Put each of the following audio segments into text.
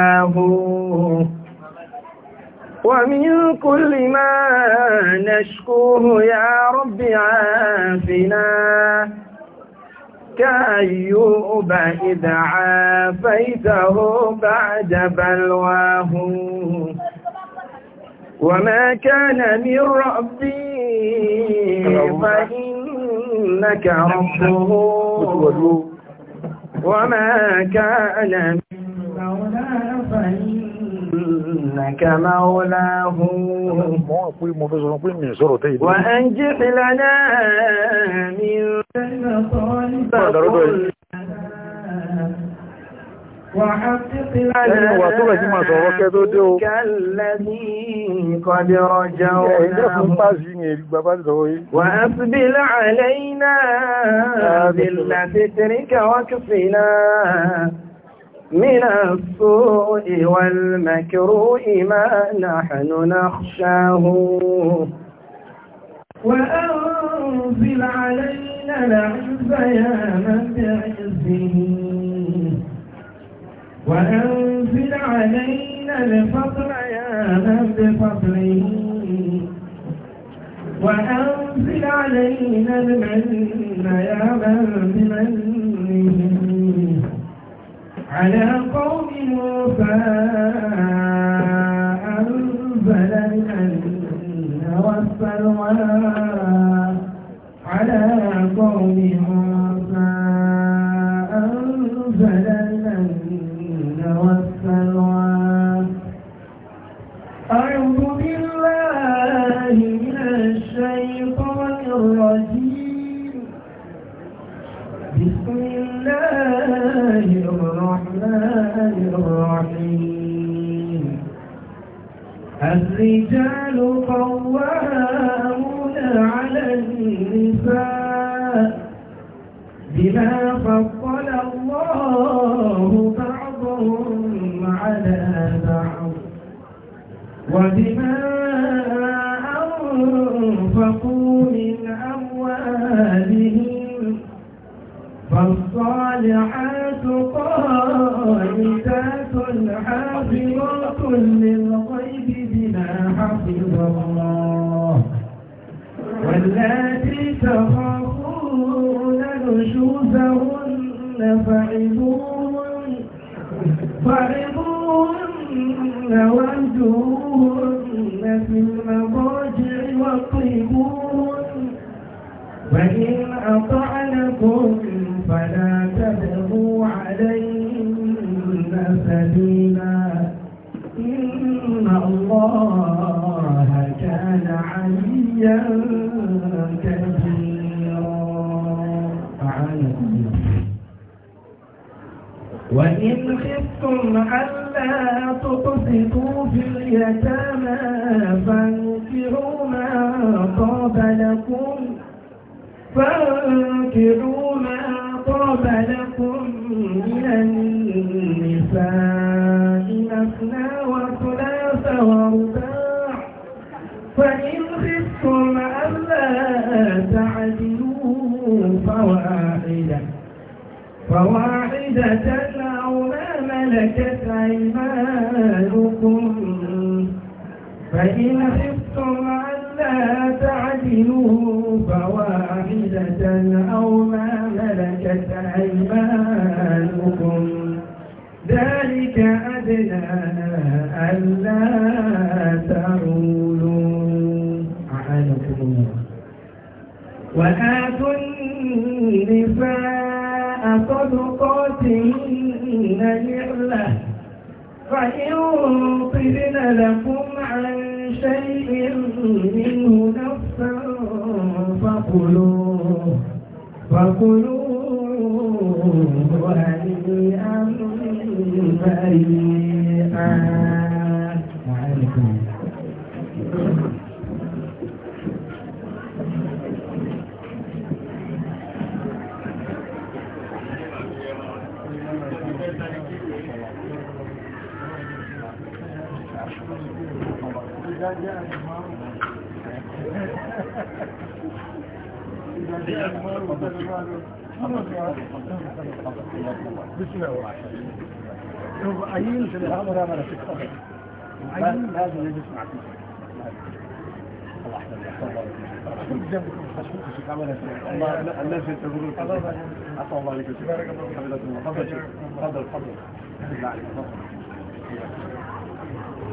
آه. ومن كل ما نشكوه يا رب عافنا كأيوب إذ عافيته بعد بلواه وما كان من ربي فإنك ربه وما كان إنك مولاه وأنجح لنا من طالب Ẹni wà tó rẹ̀ sí máa sọ̀rọ̀ kẹ́ tó dé o. Ẹgbẹ́ fún pàṣí ní èrí gbà bá sọ̀rọ̀ yìí. Wà á sí bí láàrẹ̀ iná, bí láti tẹ̀ríkà wákìfì náà. من السوء والمكروه ما نحن نخشاه وأنزل علينا العز يا من بعزه وأنزل علينا الفضل يا من بفضله وأنزل علينا المن يا من بمنه على قوم موسى أنزل الأمن والسلوى على قوم موسى الرحيم الرجال قوامون على النساء بما فضل الله بعضهم على بعض وبما أنفقوا من أموالهم فالصالحات قانتات حافظات للغيب بما حفظ الله واللاتي تخافون نشوزهن فعظوهن فعظوهن واهجروهن في المضاجع واطلبوهن فإن أطعنكم فلا تبغوا عليهن سبيلا إن الله كان عليا كبيرا أعانكم وإن خفتم ألا تقسطوا في اليتامى فانكروا ما طاب لكم فانكحوا ما طاب لكم من النساء مثنى وثلاث ورباع فإن خفتم ألا تعدلوا فواحدة فواحدة أو ما ملكت أيمانكم فإن خفتم ألا تعدلوا فواحدة أو ما ملكت أيمانكم ذلك أدنى ألا تعولوا أعانكم الله وآتوا النساء صدقاتهن نعلة فإن طبن لكم عن شيء منه نفسا فكلوا فكلوا هنيئا مريئا وعليكم Yeah, yeah. عيين في الأمر أمر في الخبر لازم نجلس معكم الله أحسن الله الناس يتقولون أسأل الله عليك حفظة الله فضل الله فضل الله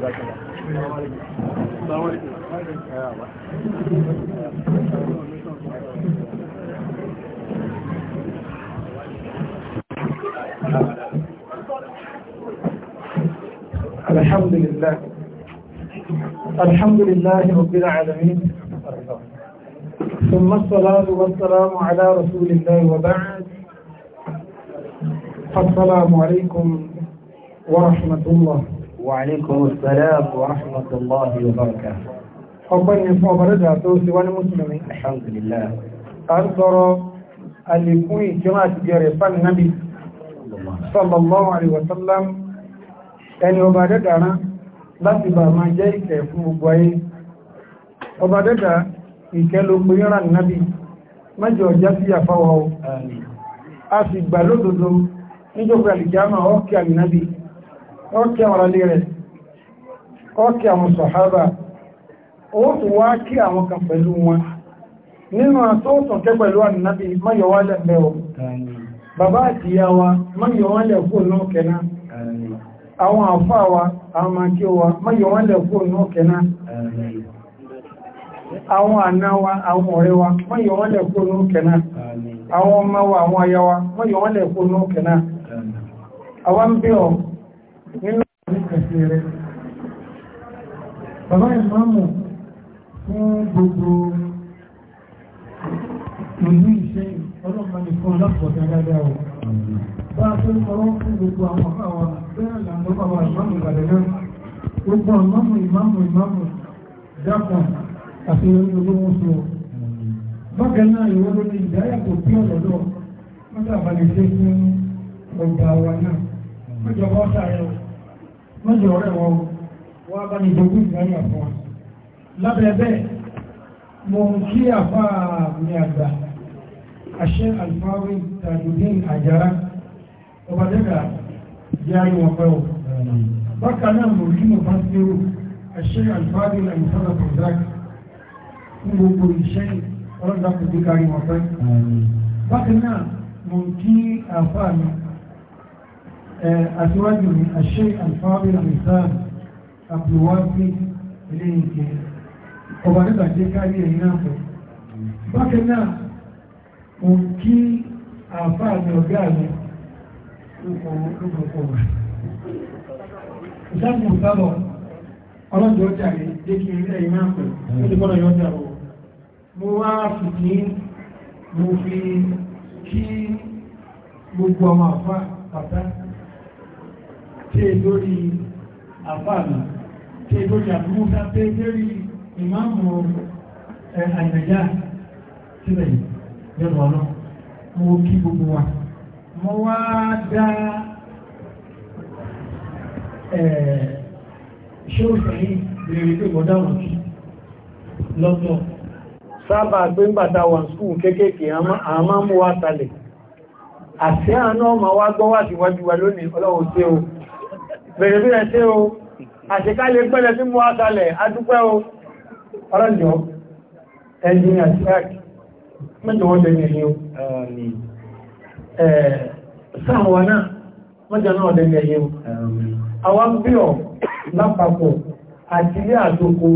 عليك جزاك الله السلام عليكم السلام عليكم الحمد لله الحمد لله رب العالمين ثم الصلاة والسلام على رسول الله وبعد السلام عليكم ورحمة الله وعليكم السلام ورحمة الله وبركاته ọgbọ́n ni fún ọmọ rẹ̀dà الحمد لله wá اللي mùsùlùmí alhamdulillah a فالنبي sallallahu alaihi wasallam ẹni ọba dẹ́dàrán láti bà máa jẹ́ ìkẹ́ fún gbogbo ayé ọba dẹ́dà ìkẹ́ ló pé ràn nábì mẹ́jọ ọjá sí àfáwọ́ o a sì gbà lódodo níjọba àlìjáàmà ọ́kẹ́ àlìnábì ọ́kẹ́ àwọn alẹ́ rẹ̀ ọ́kẹ́ àwọn sọ̀hábà ó tó wá kí àwọn bàbá àti ìyá wa mọ́yọ̀ wọ́n lẹ̀ fún náà kẹ́ná àwọn wa àwọn wa mọ́yọ̀ wọ́n lẹ̀ fún náà kẹ́ná àwọn àna wa àwọn ọ̀rẹ́ wa mọ́yọ̀ wọ́n lẹ̀ fún àwọn ọmọ wa àwọn aya wa mọ́yọ̀ wọ́n lẹ̀ fún ọ n'ime ụzọ ọlọ́mọ ní fún ọlọ́pọ̀tẹ́ dáadáa o bá a tó sọ̀rọ̀ fún gbogbo àwọn ọ̀pá wa bẹ́ẹ̀ làǹdọ́ bàbá ìmáàmù ìbàdàn náà gbogbo ìmáàmù ìmáàmù ìmáàmù dákun àti orí olówó sọ bákan náà ìwọ ló ní ìdáyà kò tí ọ̀dọ́dọ̀ mọ́tà àbálẹ̀ ṣe fún ọgbà wa náà mọ́jọ bọ́ sáré o mọ́jọ ọ̀rẹ́ wọn wọ́n bá ní ìdógún ìdáyà fún wa kí àfáà mi àgbà aṣẹ́ alfawin tajudin àjára ọba dẹ́gà yáyí wọn pẹ́ o bákan náà mo rí mo bá sẹ́rò aṣẹ́ alfawin alifada kọ̀dák fún gbogbo iṣẹ́ ọlọ́dà kò dé kárí wọn pẹ́ bákan náà mo kí àfáà mi àtiwájú mi aṣẹ́ alfawin alifada àbúwáfí ilé ìkẹ́ ọba dẹ́gà dé kárí ẹ̀yìn náà pẹ́ bákan náà mo kí àfáà ọ̀gá mi lókòókò rẹ̀. ìṣàkùn ìsábọ̀ ọlọ́dún ọjà rẹ̀ jẹ́ kí ilé ẹ̀yìn máa pẹ̀ ó ti gbọ́dọ̀ yọjà o. mo wá fi kí gbogbo ọmọ àfáà pàtá tí bẹ̀rù ọlọ́ mo kí gbogbo wa mo wá dá ṣé ó fẹ́ ìrìn pé mo dáhùn kí lọ́tọ̀ sábà gbé ń bàtà wà skúù kéékèèké àmá mú wa talẹ̀ àti àánú ọmọ wa gbọ́ wà síwájú wa lónìí ọlọ́run tí ó bẹ̀rẹ̀ bí ẹ̀ tí ó àṣekálẹ̀ pẹ́lẹ̀ tí mú wa talẹ̀ adúpẹ́ o ọlọ́jọ́ ẹni àti mọ́jọ wọ́n dẹni ẹ̀yìn o sáàwọ̀ náà mọ́jọ náà dẹni ẹ̀yìn o àwọn bí ọ̀ lápapọ̀ àti ilé àtòkò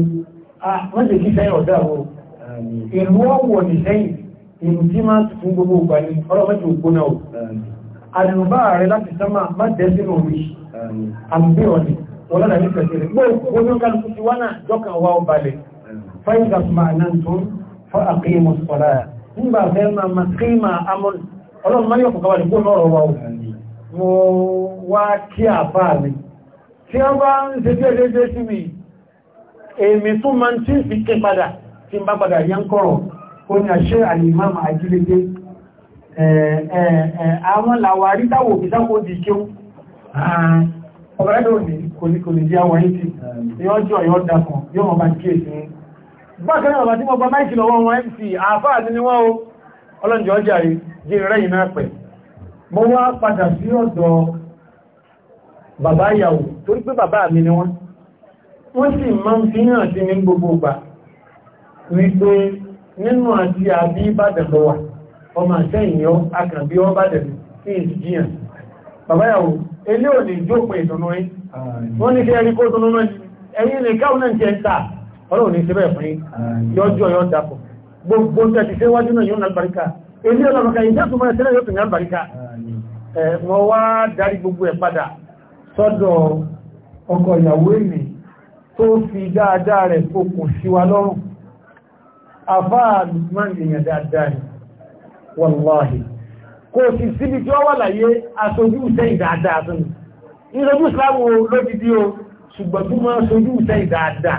mọ́jọ kí sẹ́yìn ọ̀dá o ìlú ọ̀wọ̀ ní sẹ́yìn ìlú tí máa tuntun gbogbo ìgbà ní ọlọ́mọ́jọ ògbó náà o àlùbá rẹ láti sánmà má dẹ́ sínú omi àmì bí ọ̀ ní wọ́n lọ́nà ní pẹ̀sẹ̀rẹ̀ gbogbo ní kálukú ti wá náà jọ́kàn wá ọbalẹ̀ fáyìnkà fún àná tó fọ́ àkíyèmọ̀ nígbà fẹ́ ma ma kíma amọ́nù ọlọ́run máa yọ kọ̀kọ́ wà ní kó lọ́rọ̀ wa mo wá kí àfá mi tí a bá ń ṣe tí ẹlẹ́gbẹ́ sí mi èmi tún ma ń tí fi ké padà tí bá padà yá ń kọ́rọ̀ ó ní àṣẹ àlìmáàmà àjílégbé àwọn làwà rítàwò ìsákò di kí ọ̀rẹ́dọ̀ ní kò bákan náà bá tí mo gba máìkì lọ́wọ́ wọn mc àáfáà ní wọ́n o ọlọ́njẹ́ ọjà rí jẹ́ rẹ̀ iná pẹ̀ mo wá padà sí ọ̀dọ̀ bàbá ìyàwó torí pé bàbá mi ni wọ́n wọ́n sì máa ń fi hàn sí ní gbogbo ìgbà wípé nínú àti àbí ìbàdàn lọ́wà ọmọ àtẹ́yìn yọ akàbí ọbàdàn sí ìjìyàn bàbá ìyàwó elé ò ní jópin ìtùnú rí wọ́n ní kí ẹni kó tún náà ẹ̀yìn nìkan náà jẹ́ ń ta ọlọ́run ní síbẹ̀ fún yọjọ́ yọ dapọ̀ gbogbo tẹ́ ti ṣe wájú náà yóò nàlbàríkà èdè ọlọ́run kan ìjẹ́ tó mọ́ ẹ̀sẹ̀ yóò tún nàlbàríkà wọ́n wá darí gbogbo ẹ̀ padà sọ́dọ̀ ọkọ ìyàwó èmì tó fi dáadáa rẹ̀ fokùn sí wa lọ́rùn afá lukman èèyàn dáadáa ni wàláhì kò sì síbi tí ó wà láyé aṣojú sẹ́yìn dáadáa tó ní ìrọ̀jú ìsìlámù lódìdí o ṣùgbọ́n máa ṣojú sẹ́yìn dáadáa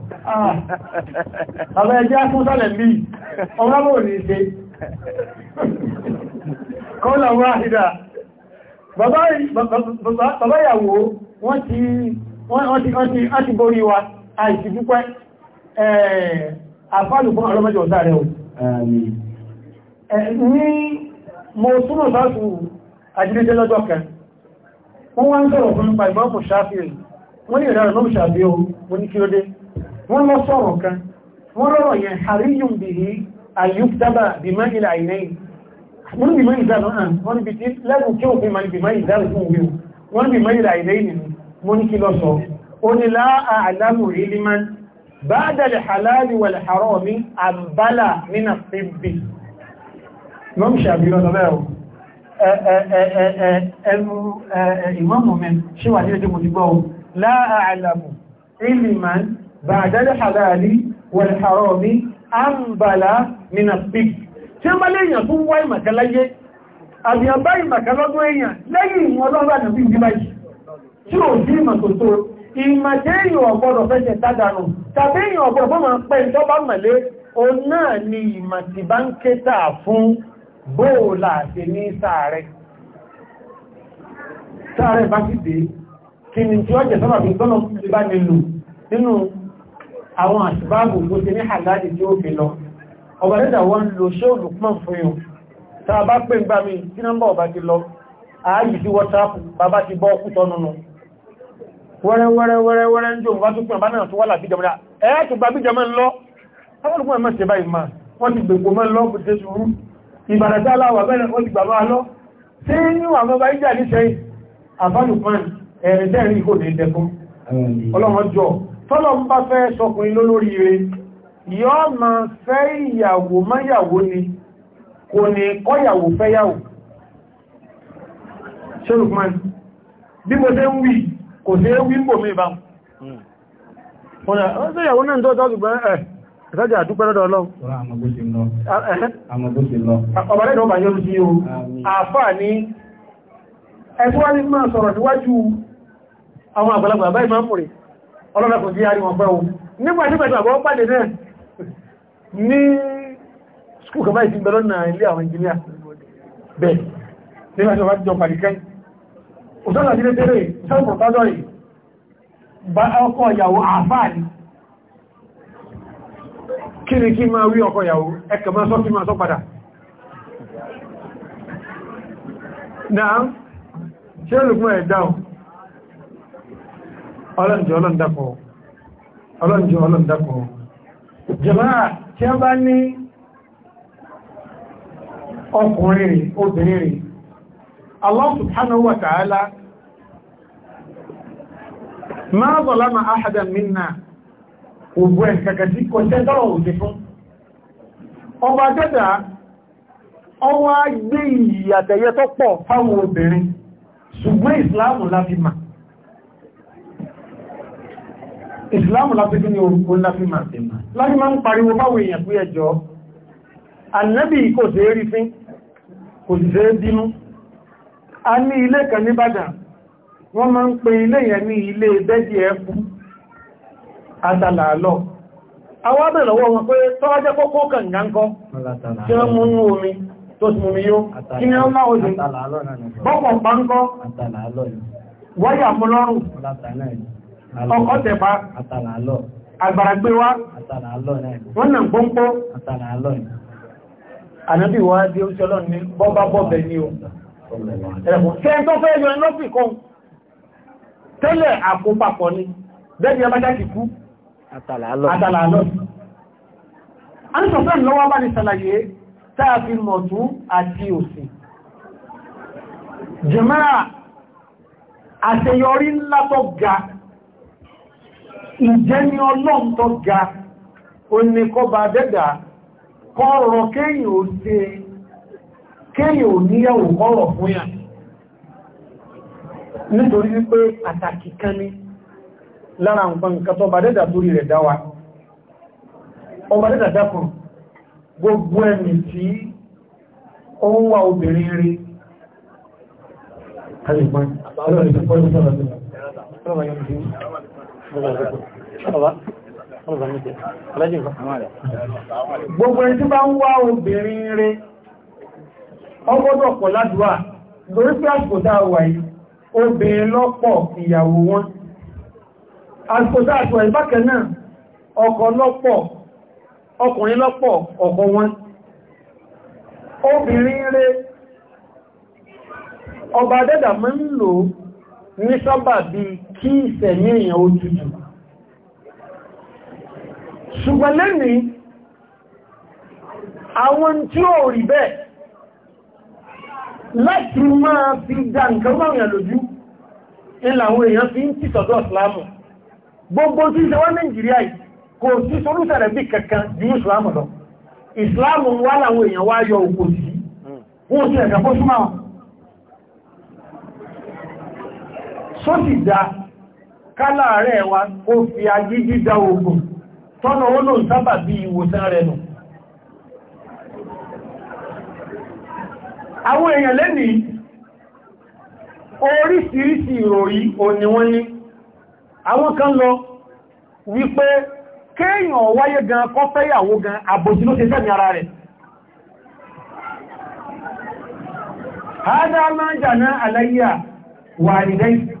Ah. Àwọn ẹjẹ́ fún sálẹ̀ bí ọmọ ní ṣe. Kọ́lá wá ìdá. Bàbá ìyàwó wọ́n ti borí wa, àìsì dúpẹ́. Àfáàlù fún ọlọ́mọdé ọ̀sá rẹ̀ o. Ní mo súnmọ̀ sáàtù àjílẹ́jẹ́ lọ́jọ́ kan. Wọ́n wá ń sọ̀rọ̀ fún nípa ìbọ́kù ṣáfíì. Wọ́n ní ìrẹ́rẹ̀ mọ́ ṣàbí o, mo wọ́n lọ sọ̀rọ̀ kan wọ́n rọ̀rọ̀ yẹn àríyùn bí i àyùkdábà bí máa ilẹ̀ àìnẹ́yìn wọ́n bí máa ìdára náà wọ́n bí tí lẹ́gùn kí òfin máa bí máa ìdára fún wíwú wọ́n bí máa ilẹ̀ àìnẹ́yìn nínú mo ní kí lọ sọ ó ní láà àlámù ìlímán بعد الحلال والحرام أنبل من الطب tí a máa léèyàn tó wá ìmàkà láyé àbíyànbá ìmàkà lọ́dún èèyàn lẹ́yìn ìwọ̀n lọ́wọ́ àdàbí ìdíbà yìí tí ò sí ìmàkòtò ìmàkà èèyàn ọ̀gbọ́dọ̀ fẹ́jẹ̀ tádànù tàbí èèyàn ọ̀gbọ́dọ̀ fọ́mà pẹ́ ìjọba mẹ́lé o náà ni ìmàkì bá ń kéta fún bóòlà àti ní sàárẹ̀ sàárẹ̀ bá sì dé kí ni tí ó jẹ́ sábàbí tọ́nà bá nínú àwọn àṣìbáàbù tó ti ní àláàdì tí ó fi lọ ọba dẹ́dà wọ́n lò ṣóòlù pọ̀ fún yàn tá a bá pè ń gbá mi tí nọ́mbà ọba ti lọ ààyè sí wọ́sáàpù bàbá ti bọ́ kútọ́ nínú wẹ́rẹ́wẹ́rẹ́wẹ́rẹ́ ń jò wá tó pín àbá náà tó wà láti jẹmọ́ra ẹ̀ẹ́ tó gbà bíjẹ mọ́ lọ ọlọ́pùn ẹ̀mọ́ ṣe báyìí máa wọ́n ti gbègbò mọ́ lọ kò tẹ́ sùúrù ìbàdàtà aláwà bẹ́rẹ̀ wọ́n ti gbàmọ́ alọ́ tí ní àwọn ọba ìjà ní sẹ́yìn àbálùpán ẹ̀rẹ̀ tẹ́rin ìkò ní ìdẹ̀kún ọlọ́wọ́n jọ tọ́lọ̀ ń bá fẹ́ sọkùnrin lólórí rẹ̀ yọ́ ma fẹ́ ìyàwó máyàwó ni kò ní kọ́yàwó fẹ́yàwó ṣerùkman bí mo tẹ́ ń wí kò tẹ́ wí ń bò mí bá ọ̀nà ọ̀sẹ̀yàwó náà tọ́ ṣùgbọ́n ẹ̀ o àfáà ní ẹgbẹ́ wá ní máa sọ̀rọ̀ níwájú àwọn àgbàlagbà báyìí máa ń mùrìn ọlọ́lọ́kùn jí àríwọ̀n pẹ́ ohun nígbà tí pẹ̀lú àbọ̀ pàdé náà ní skúl kọfà ìsìn bẹ̀rọ náà ilé àwọn ìjìnlẹ̀ bẹ̀ nígbà tí wọ́n jọ pàdé kẹ́ òṣèlú ilé tẹ́rẹ̀ ìṣẹ́lú pọ̀tọ́jọ́rì bá ọkọ ìyàwó àfáà ní kí ni kí máa wí ọkọ ìyàwó ẹkẹ máa sọ kí máa sọ padà náà ṣe lùkún ẹ̀ dáhùn ọlọ́njọ́ ọlọ́ndàpọ̀ ọlọ́njọ́ ọlọ́ndàpọ̀ jàmáà tí a bá ní ọkùnrin rẹ̀ obìnrin rẹ̀ Allah subhanahu wa ta'ala máa bọ̀lá áhàdà minna ògbò ẹ̀ kò tẹ́ ṣùgbọ́n ìsìláàmù láti máa ìsìláàmù lásìkí ni orúkú láti máa láti máa ń pariwo báwo èèyàn pé ẹjọ́ annabi kò sí rí fín kò sí sí bínú a ní ilé kan ní Ìbàdàn wọ́n máa ń pe ilé yẹn ní ilé bẹ́jì ẹkù adàlàálọ́ àwọn abẹ́ lọ́wọ́ wọn pé tọ́wájẹ́ kókó kàngáńkọ́ tí wọ́n mú omi tó ti mú mi yó kí ni ó láwọ́ bọ́pọ̀ pánkọ́ wáyà mú ọkọ̀ tẹ̀pa agbára gbé wá wọ́n nà gbọ́npọ́ ànábì wá dé oúnjẹ ọlọ́run ní bọ́bá bọ́bẹ̀ ní o ṣe tó fẹ́ yọ lọ́fì kan tẹ́lẹ̀ àkópapọ̀ ni bẹ́ẹ̀ni ọba jákì kú àtàlàálọ́ Àníṣọ̀fẹ́ lọ́wọ́ bá ní ṣàlàyé táà fi mọ̀tún àti òsì. Jẹ́mẹ́ra àṣeyọrí ńlá tó ga ìjẹ́ ní ọlọ́run tó ga oníkọba dẹ́dà kọ́rọ̀ kéyìn ò ṣe kéyìn ò níyàwó kọ́rọ̀ fún yà nítorí wípé àtàkì kan ní lára nǹkan nǹkan tó bá dáwà ọba dẹ́dà gbogbo ẹni tí ó ń obìnrin rí Gbogbo ẹni tí bá ń wá obìnrin rẹ̀, ọgbọ́dọ̀ pọ̀ ládùúwà, lórí pé àsìkò wà yìí, obìnrin lọ́pọ̀ ìyàwó wọn. Àsìkò dáa tó náà, ọkọ lọ́pọ̀, ọkùnrin lọ́pọ̀ ọkọ wọn. Obìnrin rẹ̀, ọba dẹ́dà mọ́ ń lò ní sábà bíi kí ìsẹ̀mí èèyàn ó tutù ṣùgbọ́n lẹ́nìí àwọn tí ó rí bẹ́ẹ̀ láti máa fi dá nǹkan báwọn lójú ilẹ̀ àwọn èèyàn fi ń tí sọ́dọ̀ ìsìlámù gbogbo tí ìṣẹ́wọ́ Nàìjíríà kò sí solúsẹ̀rẹ̀ bí kankan ju ìsìlámù lọ ìsìlámù wà láwọn èèyàn wá yọ òkò sí wọ́n sí ẹ̀kà fọ́súnmọ́ sọ́sì dáa kálà rẹ̀ wa kó fi agídí dá ogun tọ́nà ó lò sábà bí ìwòsàn rẹ̀ nù àwọn èèyàn lẹ́ni orísìírísìí ìròrí òní wọ́n ní àwọn kan lọ wípé kéèyàn wáyé gan kọ́ gan àbòsí ló ṣe sẹ́mi ara rẹ̀ هذا ما جنى علي والدي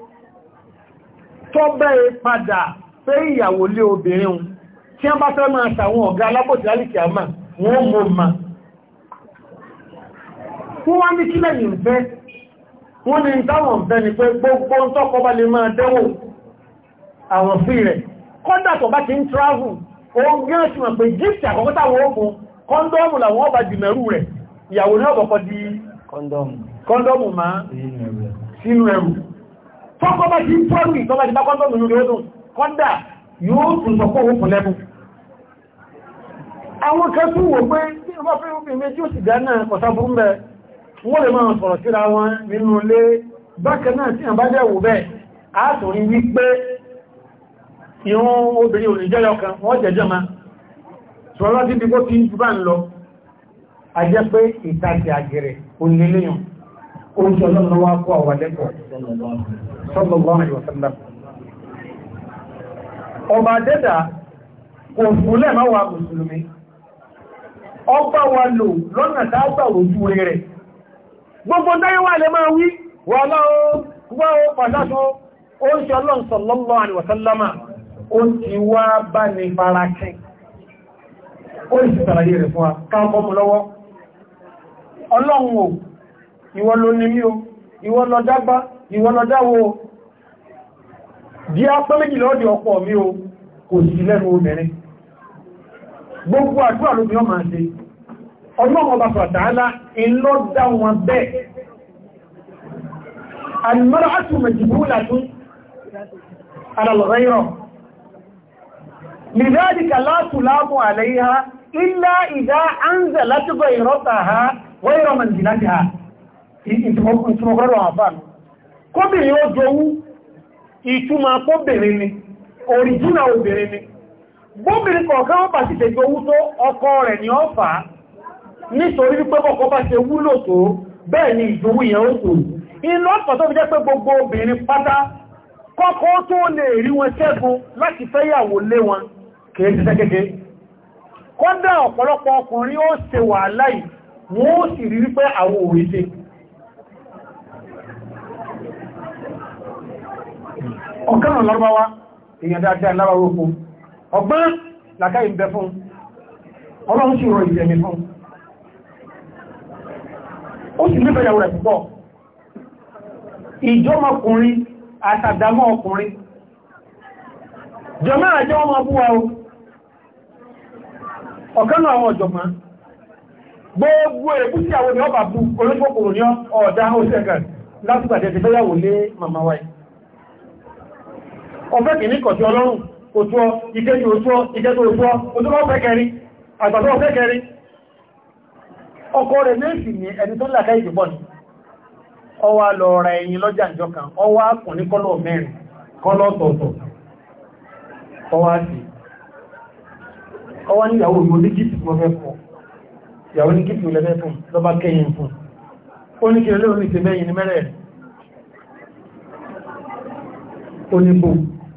tó bẹ́ẹ̀ padà pé ìyàwó lé obìnrin un tí wọ́n bá fẹ́ máa tàwọn ọ̀gá alábòtí lálìkì àmà wọ́n mọ́ ma fún wá ní kílẹ̀ yìí fẹ́ wọ́n ni táwọn fẹ́ ni pé gbogbo tọ́kọ bá lè máa dẹ́wò àwọn fí rẹ̀ kọ́dà bá ti ń travel ó gán sí wọn pé gift àkọ́kọ́ táwọn òkun kọ́ndọ́mù làwọn ọba dìmẹ̀rú rẹ̀ ìyàwó ní ọ̀bọ̀kọ́ tọ́kọ́ bá ti ń tọ́rù ìtọ́lá ti bá kọ́ndọ̀mù lórí ọdún kọ́ndà yóò tún sọ fún òkun lẹ́bù àwọn kan tún wò pé tí wọ́n fẹ́ òfin méjì ó sì dá náà kọ̀sá burú mẹ́ wọ́n lè máa sọ̀rọ̀ síra wọn nínú ilé bákan náà tí àbájá wò bẹ́ẹ̀ á torí wípé ìwọ̀n obìnrin ò ní jẹ́yọ kan wọ́n jẹjọ́ ma sọ̀rọ̀ ti dìbò ti jù bá ń lọ a jẹ́ pé ìtajà àgẹ̀rẹ̀ oníléyàn oúnjẹ ọlọ́run wá kó àwọn lẹ́kọ̀ọ́ صلى الله عليه وسلم. dẹ́dà kò fúnlẹ̀ máa wà mùsùlùmí ọba wa lò lọ́nà tàbà ojú rẹ̀ gbogbo dáyé wà lè máa wí wà láwọ́ pàtàkì ó ń ṣe ọlọ́n sallallahu alaihi wasallama ó ti wá bá ní farakín ó sì tàràyè rẹ̀ fún wa káàkọ́ lọ́wọ́ ọlọ́run ò ìwọ ló mí o ìwọ lọ dágbá ìwọ̀nàdáwò di apẹ́ méjì lọ́dí ọkọ̀ mi o kò sí lẹ́nu obìnrin gbogbo àdúrà ló bí ọmọ àti ọlọ́mọ bá fàtàálá ìlọ́dá wọn bẹ́ẹ̀ alìmọ́ra átù mẹ̀jìbúlà tún alàlọ́rẹ́yọ̀ لذلك لا تلام عليها إلا إذا أنزلت غيرتها غير kóbìnrin ó jowú ìtumọ̀ kóbìnrin ni òrìjínà obìnrin ni bóbìnrin kọ̀ọ̀kan ó bá ti tẹ̀ tó ọkọ rẹ̀ ni ó fà á nítorí wípé kọ̀ọ̀kan bá ṣe wúlò tó bẹ́ẹ̀ ni gbogbo obìnrin pátá kọ́kọ́ tó lè rí wọn ṣẹ́gun láti fẹ́yàwó lé wọn ọ̀kánà lọ́rọ̀wá èèyàn dáadáa lábàwó fún ọgbọ́n làkà ìbẹ̀ fún ọlọ́run sì rọ fún ó sì nífẹ̀ẹ́ ìyàwó rẹ̀ púpọ̀ ìjọmọkùnrin àtàdámọ́ ọkùnrin jọmọ́ àjọ ọmọ búwa o àwọn ọ̀jọ̀gbọ́n gbogbo ẹ̀kú sí àwọn bú olóṣòkòrò ní ọ̀dá ó ti lé màmá wáyé ọ̀fẹ́ kìíní kọ̀ sí ọlọ́run òtúọ́ ìkéjì òtúọ́ ìkẹtò òtúọ́ òtúọ́ ọ̀fẹ́ kẹrin àgbàtọ́ ọ̀fẹ́ kẹrin ọkọ rẹ̀ méjì ní ẹni tó làkà ìdìbọn ni ọwá lọ ra ẹyin lọ́jà ìjọ kan ọwá kùn ní kọ́lọ̀ mẹ́rin kọ́lọ̀ tọ̀tọ̀ ọwá sí ọwá ní ìyàwó ìwò ní gífì tó fẹ́ fún ìyàwó ní gífì olẹ́fẹ́ fún lọ́bá kẹyìn fún ó ní kí olóòrùn ìtẹ́mẹ́yìn ní mẹ́rẹ̀ẹ̀rẹ̀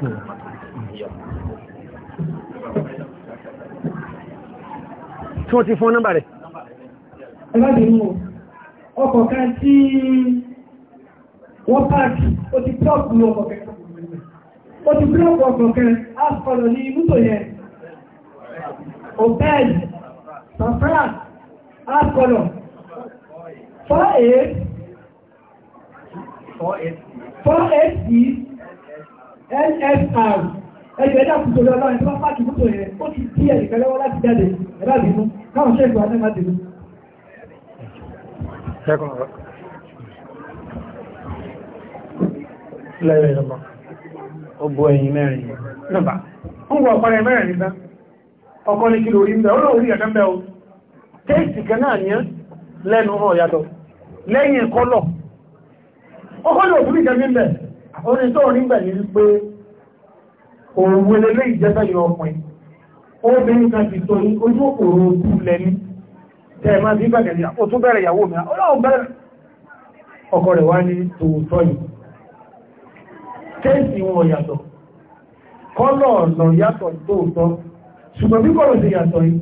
tí wọ́n ti fún nọ́mbà rẹ̀ ẹgbẹ́gbẹ̀mú ọkọ̀ kan tí wọ́n pàákì ó ti blọ́ọ̀kù ní ọkọ̀ kan ó ti blọ́ọ̀kù ọkọ̀ kan ápọ̀lọ̀ ní ibùdó yẹn opel sanfra ápọ̀lọ̀ 4 8 4 8 4 8 NSR ẹgbẹ́ dà kùtò lọ́wọ́ ẹni tó bá pàtó mọ́tò yẹn ó ti dí ẹ̀yìn kan lọ́wọ́ láti jáde ẹ̀rọ àbínú káwọn ṣe ìgbà náà má dìbò. lẹ́yìn ìlọ́mọ ó bo ẹ̀yìn mẹ́rin nígbà ń wọ ọ̀pọ̀lẹ̀ mẹ́rin nígbà ọkọ̀ ní kí lórí ń bẹ̀ ó lórí ẹ̀dá ń bẹ̀ o téèsì kan náà yẹn lẹ́nu ọ̀yàtọ̀ lẹ́yìn kọ́lọ̀ ọkọ̀ ní òfin ìjẹ́ orí tó rí gbà ní wípé òun wẹlẹ́lẹ́ ìjẹ́fẹ́ yọ ọkùnrin obìnrin kan ti tó ní ojú òkòrò ojú lẹ́ni tẹ́ máa bí gbàgẹ̀ ní ó tún bẹ̀rẹ̀ ìyàwó mi ọlọ́run bẹ̀rẹ̀ ọkọ rẹ̀ wá ní tòótọ́ yìí kéèsì wọn yàtọ̀ kọ́lọ̀ ọ̀nà yàtọ̀ tòótọ́ ṣùgbọ́n bí kọ́lọ̀ sí yàtọ̀ yìí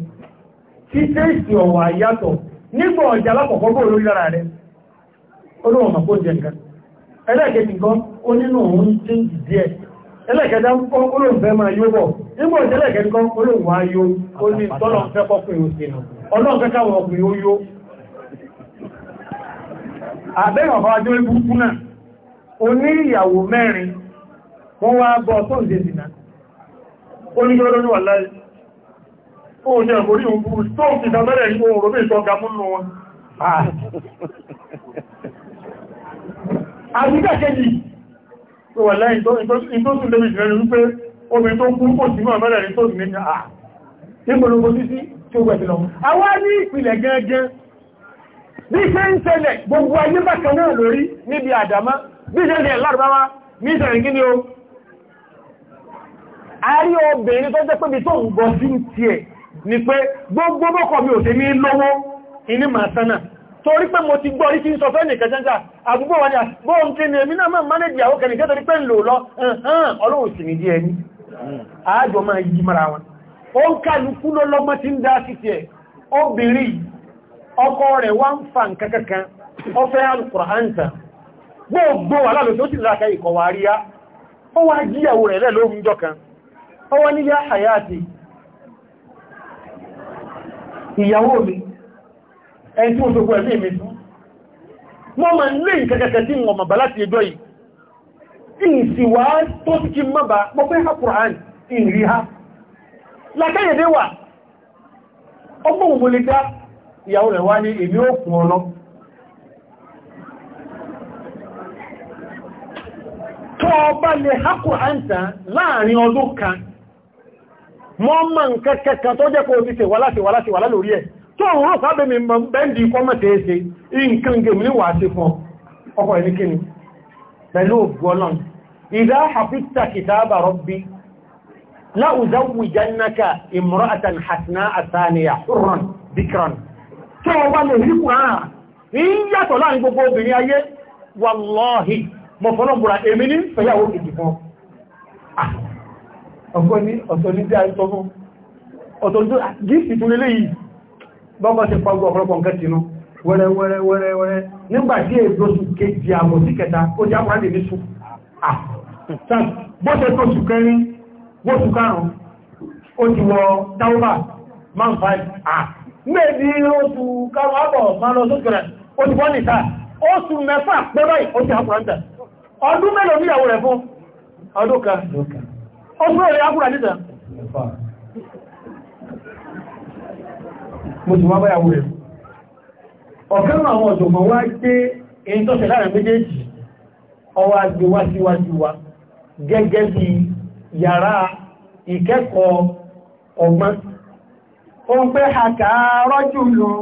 tí kéèsì ọ̀wà yàtọ̀ nígbà ọjà ẹlẹ́ẹ̀kejì kan ó nínú òun tí ń dìde ẹ̀ ẹlẹ́ẹ̀kẹta ń kọ́ olóòfẹ́ máa yóò bọ̀ nígbò ìtẹ́lẹ̀kẹta kan olóòwà yóò ó ní tọ́lọ̀ fẹ́ kọ́kùnrin òsìnà ọlọ́ọ̀kẹ́kàwọ̀ ọkùnrin ó yóò àbẹ́yàn bá jọ ibùkú náà ó ní ìyàwó mẹ́rin wọ́n wá bọ́ tó ń dé dìnà ó ní yọ́rọ́ ní àríkàkejì tó wà lẹ́yìn tó tún lébì jẹ́ wípé omi tó kú kò sí mọ̀ mẹ́rẹ̀ ní tó sì méjì àà nígbòlógó títí tí ó gbẹ̀bì lọ àwọn ní ìpìlẹ̀ gẹ́gẹ́ bí ṣe ń tẹ́lẹ̀ gbogbo ayé bákan náà lórí níbi àdámá bí ṣe ń tẹ́lẹ̀ lárúbáwá ni ó a rí obìnrin tó jẹ́ pé bí tó ń gọ sí ti ẹ̀ ni pé gbogbo bọ́kọ̀ mi ò sí ní lọ́wọ́ iní màá sánà torí pé mo ti gbọ́ orí tí ń sọ fẹ́ nìkan ṣẹ́ńtà àgbúgbò wọn ni àgbóhùn kí ni èmi náà máa mánéjì àwọn kẹrìnkẹ́ torí pé ń lò lọ ọlọ́run sì mara wọn ó ń kálukú lọ́lọ́mọ́ tí ń dá obìnrin ọkọ rẹ̀ wá ń fa nǹkan ìyàwó ẹni tí mo sọ pẹ̀lú èmi fún wọ́n ma lè kẹ́kẹ́kẹ́ tí wọ́n mọ̀bá láti ẹjọ́ yìí ìsìwá tó ti kí pọ́pẹ́ ha Kùrán ìrì ha lákẹ́yẹ̀dé wà ọgbọ́ òmò ìyàwó rẹ̀ wá ní èmi ó tó ọba lè ha Kùrán láàrin ọdún kan mọ́ ti tó ń rọ́ sábẹ́ mi bẹ́ndì kọ́mọ̀tẹ́ ṣe nǹkan gẹ̀mù sí fún ọkọ̀ ẹni pẹ̀lú ògbọ́lọ́n ìdá kìtàbà rọ́bí láùzáwù jannaka imra'atan hasna ní ọ̀tọ̀ a ń sọ fún ọ̀tọ̀ bọ́kọ́ ṣe pọ́gbọ́ ọ̀pọ̀lọpọ̀ nǹkan tinú wẹ́rẹ́wẹ́rẹ́wẹ́rẹ́ nígbàtí èdòsù kéjì àmọ̀ sí kẹta ó jẹ́ àwọn oji nísù bó ṣe tóṣù kẹrin wóṣù karùn-ún ah méjì oṣù karùn-ún àbọ̀ máa lọ sókè rẹ̀ ó ti wọ́n nìta oṣù mẹ́fà pé báyìí ó ti àkùrántà ọdún mélòó níyàwó rẹ̀ fún ọdún kan oṣù rẹ̀ mo ti wá báyàwó rẹ̀ ọ̀kan àwọn ọ̀dọ̀gbọ̀n wá gbé èyí tó wa gẹ́gẹ́ bí yàrá ìkẹ́kọ̀ọ́ ọgbọ́n ó ń pẹ́ àkàárọ́jù lọ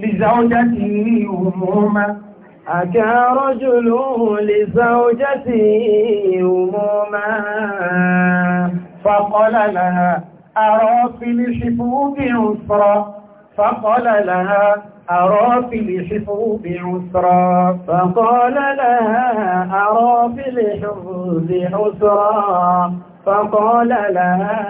lìzàọ́já ti rí òmùọ́má àkàárọ́jù lọ lìzàọ́já ti òmùọ́má fàkọ́lá náà bí ń sọ́rọ̀ فقال لها أرى في الحفظ عسرا فقال لها أرى في الحفظ عسرا فقال لها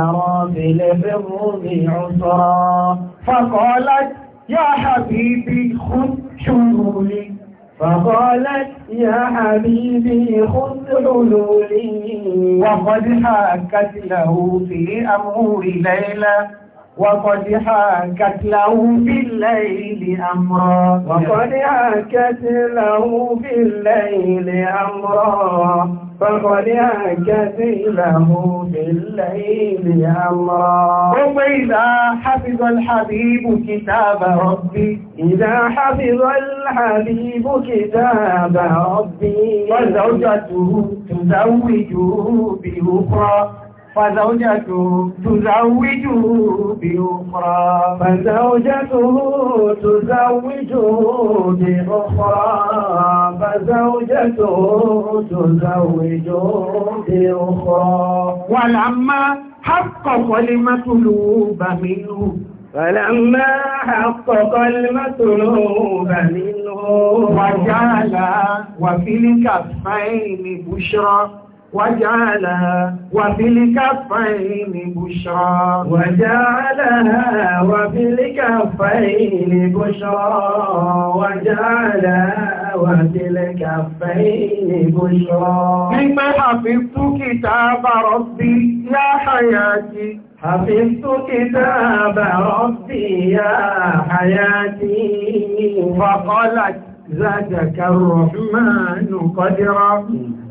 أرى في الحفظ عسرا فقالت يا حبيبي خذ شمولي فقالت يا حبيبي خذ حلولي وقد حاكت له في أمور ليلى وقد حاكت له في الليل أمرا وقد حاكت له في الليل أمرا فقد حاكت له في الليل أمرا ثم إذا حفظ الحبيب كتاب ربي إذا حفظ الحبيب كتاب ربي وزوجته تزوجه بأخرى فزوجته تزوجه بأخرى فزوجته تزوجه بأخرى فزوجته تزوجه بأخرى ولما حق المطلوب منه فلما كلمة لوب منه وجعل وفي الكفين بشرى وجعلها وفي الكفين بشرى وجعلها وفي الكفين بشرى وجعلها وفي الكفين بشرى مما حفظت كتاب ربي يا حياتي حفظت كتاب ربي يا حياتي فقالت زادك الرحمن قدرا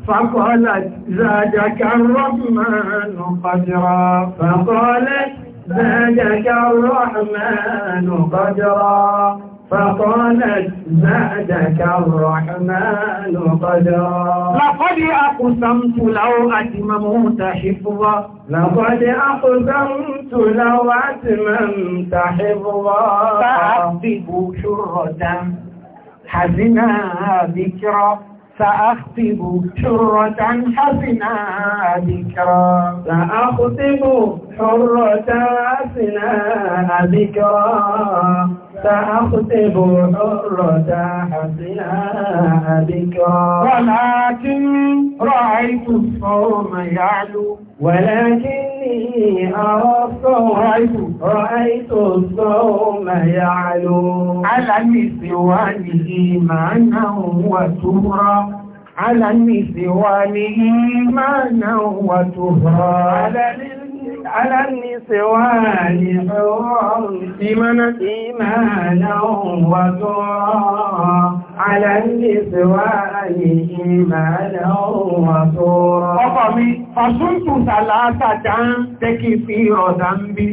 فقالت زادك الرحمن قدرا فقالت زادك الرحمن قدرا فقالت زادك الرحمن قدرا لقد أقسمت لو أتممت حفظا لقد أقسمت لو أتممت حفظا فأحبب شرة حزنا ذكرا سأخطب حرة حسنا ذكرى سأخطب حرة حسنا ذكرى سأخطب حرة حسنا ذكرى ولكن رأيت الصوم يعلو ولكني أرى الصوم رأيت الصوم يعلو على نسوان إيمانا وسهرا على النسوان إيمانا وتهرا على على النسوان حورا إيمانا إيمانا وتورا على النسوان إيمانا وتورا fàṣúntù tàlátà dáa tẹ́kì fi rọ̀dá ń bí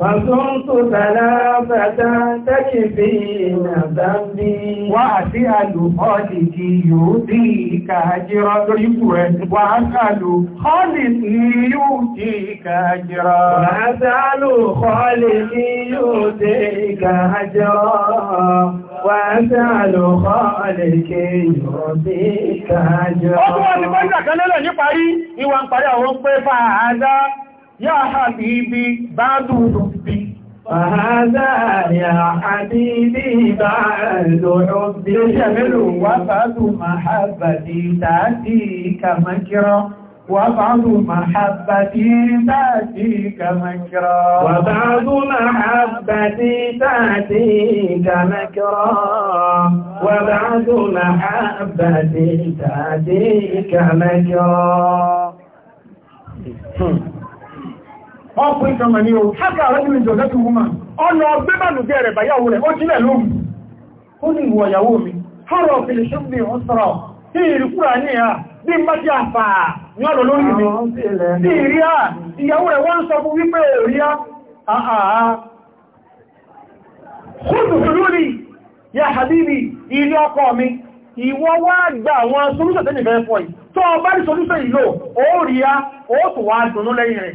Fàtúntò tàlábàtà tẹ́kì fi ìrìnàdá bí. Wà àti àlù ọ́dì kí yóò dí ìkàájírọ́ lórí ikú rẹ̀. Wà àtàlù ọ́dì kí yóò dí ìkàájírọ́. Wà àtàlù ọ́dì kí yóò dí ìkàájírọ́. Wà àtàlù ọ́dì kí yóò dí ìkàájírọ́. Ó tún wọ́n ti يا حبيبي بعد حبي فهذا يا حبيبي بعد حبي شمل وبعد محبتي تأتيك مكرا وبعض محبتي تأتيك مكرا وبعض محبتي تأتيك مكرا وبعض محبتي تأتيك مكرا ọkùnrin kan mọ̀ ní o ṣáàkà arábìnrin jọ lẹ́tù wúmà ọ̀nà ọgbẹ́ bànújẹ́ rẹ̀ bàyàwó rẹ̀ ó jílẹ̀ lóhùn ó ní ìwọ̀ ìyàwó mi ọ̀rọ̀ òfin ṣúgbìn ó sọ̀rọ̀ tí ìrìkúra ní à bí n bá jẹ́ àfà ní lórí mi tí ìrí à ìyàwó rẹ̀ wọ́n sọ fún wípé òrí à àà kúrò ya habibi mi ìwọ wá gba àwọn solúsọ̀ tẹ́lẹ̀ fẹ́ fọ́ yìí tó ọba ní solúsọ̀ ìlò ó rí à ó tó wá dùnú lẹ́yìn rẹ̀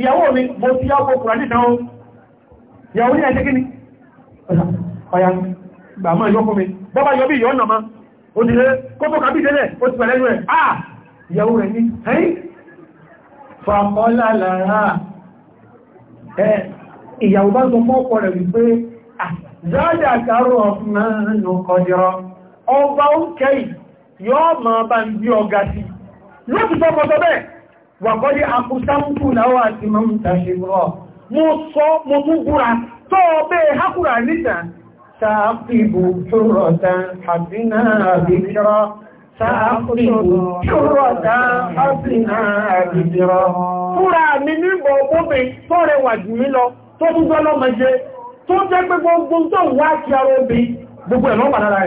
ìyàwó mi mo ti yá ọkọ̀ kùránì náà ìyàwó ní ẹ̀ṣẹ́ kíní ọ̀yá gbà máa yọ́ fún mi bọ́bá yọ bí ìyọ́ ọ̀nà ma ó ti lé kókó kàbí ìdẹ́lẹ̀ ó ti pẹ̀lẹ́nu ẹ̀ à ìyàwó rẹ̀ ní ẹ̀yìn fàkọ́lálàrá ẹ̀ ìyàwó bá sọ fún ọkọ rẹ̀ yọ́ máa bá ń bí ọgá sí lóòtú tó kọjọ bẹ́ẹ̀ wàkọ́dí àkúsámùkù láwọ́ àti mọ́ tàṣírọ́ mo sọ mo tún búra tó ọbẹ̀ hákùrà nìta sáàfihù ṣúrọ̀tàn àbínà àbíkírọ́ sáàfihù ṣúrọ̀tàn àbínà àbíkírọ́ fúra mi nígbọ̀ ọgbọ́bẹ̀ tó rẹwà jù mí lọ tó tún gbọ́ lọ́mọdé tó jẹ́ pé gbogbo tó wá kí arọ́bí gbogbo ẹ̀lọ́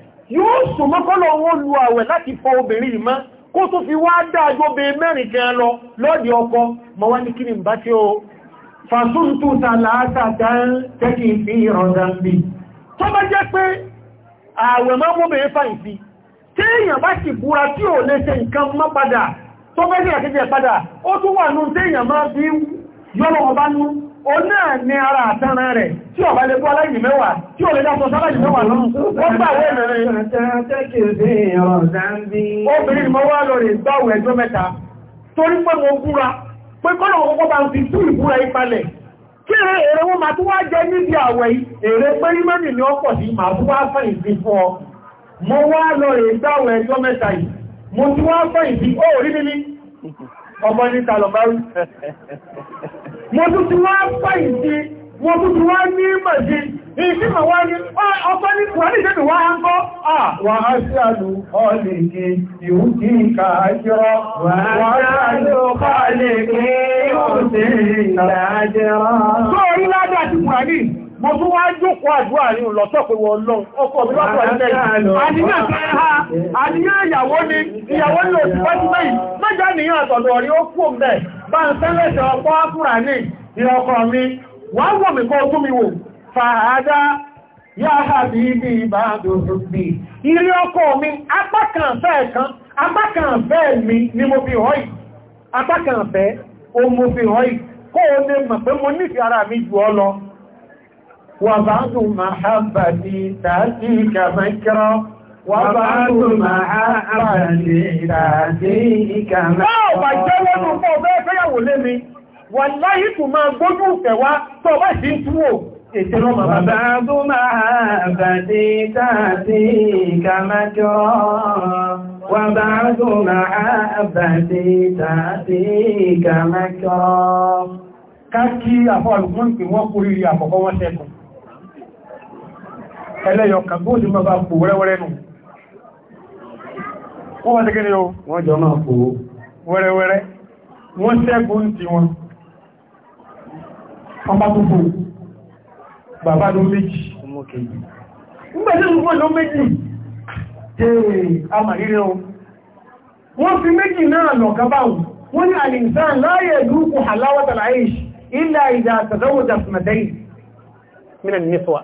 yóò súnmọ́ kọ́lọ̀ wọn lu àwẹ̀ láti fọ obìnrin ìmá kó tó fi wá dáadọ́ bẹ mẹ́rin kan lọ lọ́dí ọkọ mọ́ wá ní kíni bá tí ó fàṣúntù tàlàátà dán tẹ́kì fi ìrọ̀dán bí tó bá jẹ́ pé ààwẹ̀ máa mọ́ bẹ̀rẹ̀ fà ìfi tí èèyàn bá sì búra tí ò lè ṣe nǹkan mọ́ padà tó bẹ́ẹ̀ o náà ara àtàrà rẹ̀ tí ọ̀bá lè bú aláìní mẹ́wàá tí ò lè dáṣọ sáláìní mẹ́wàá lọ́nà wọ́n gbàwẹ́ mẹ́rin obìnrin mọ́ wá lọ rẹ̀ gbàwẹ̀ ẹjọ́ mẹ́ta torí pé mo búra pé kọ́nà ọkọ̀ bá ń fi tú ìbúra ìpalẹ̀ kí èrè èrè wọ́n máa tún wá jẹ níbi àwẹ̀ èrè pé rímọ́nì ni sí máa mo wá lọ rẹ̀ ẹjọ́ mo tún ti wá fàyìn sí mo tún ti wá ní màjí ìdí mà wá ní ọ̀pọ̀ ní kùránì tẹ́tù wá ń kọ́ wà á sí àlù ọ̀lẹ̀kì kí kàájọ́ wà á mo tún wá jókòó àdúrà ní ọlọ́tọ́ pé wọ́n lọ ọkọ̀ mi lọ́pọ̀ ilẹ̀ àníyàn fẹ́ ha àníyàn ìyàwó ni ìyàwó ní oṣù pẹ́jú mẹ́yìn mẹ́jọ nìyàn àtọ̀dọ̀ rí ó kú mẹ́ bá ń sẹ́lẹ̀ṣẹ̀ ọkọ̀ ápùrà mi wà mi wò fàádá yá àbí ibi ìbádò rúgbì ilé ọkọ̀ mi apákànfẹ́ kan apákànfẹ́ mi ni mo fi họ́ yìí apákànfẹ́ o mo fi họ́ yìí kó o lè mọ̀ pé mo nífẹ̀ẹ́ ara mi jù ọ lọ وبعد محبتي تأتيك مكرا وبعد محبتي تأتيك مكرا Báwo jẹ́wọ́ tó fọ́ bẹ́ẹ̀ fẹ́yàwó lé mi, wà láyé tó máa gbójú ìfẹ̀wá tó bá sí túwò. Ètè lọ bàbá. Bàbá tó máa bàdé tàbí kàmájọ́. Wàbá tó máa bàdé tàbí kàmájọ́. Ká kí àfọ́ àlùkún ìpè wọ́n kórìí àkọ́kọ́ wọ́n sẹ́kùn ẹlẹ́yọkàn bó ti máa bá pò wẹ́rẹ́wẹ́rẹ́ nù wọ́n bá tẹ́kẹ́ ni ó wọ́n jọ máa pò wẹ́rẹ́wẹ́rẹ́ wọ́n ṣẹ́gun ti wọn ọmọ púpù bàbá ló méjì nígbàtí ìgbò ló méjì tèèrè amàrírẹ́ o wọ́n fi méjì náà lọ̀ká báwù wọ́n ni alìsàn láyé ìlúkù halawata láyé ilẹ̀ ìdá àtàzọ́wọ́dà fìmẹ̀dẹ́yìn mínà nífọ́wàá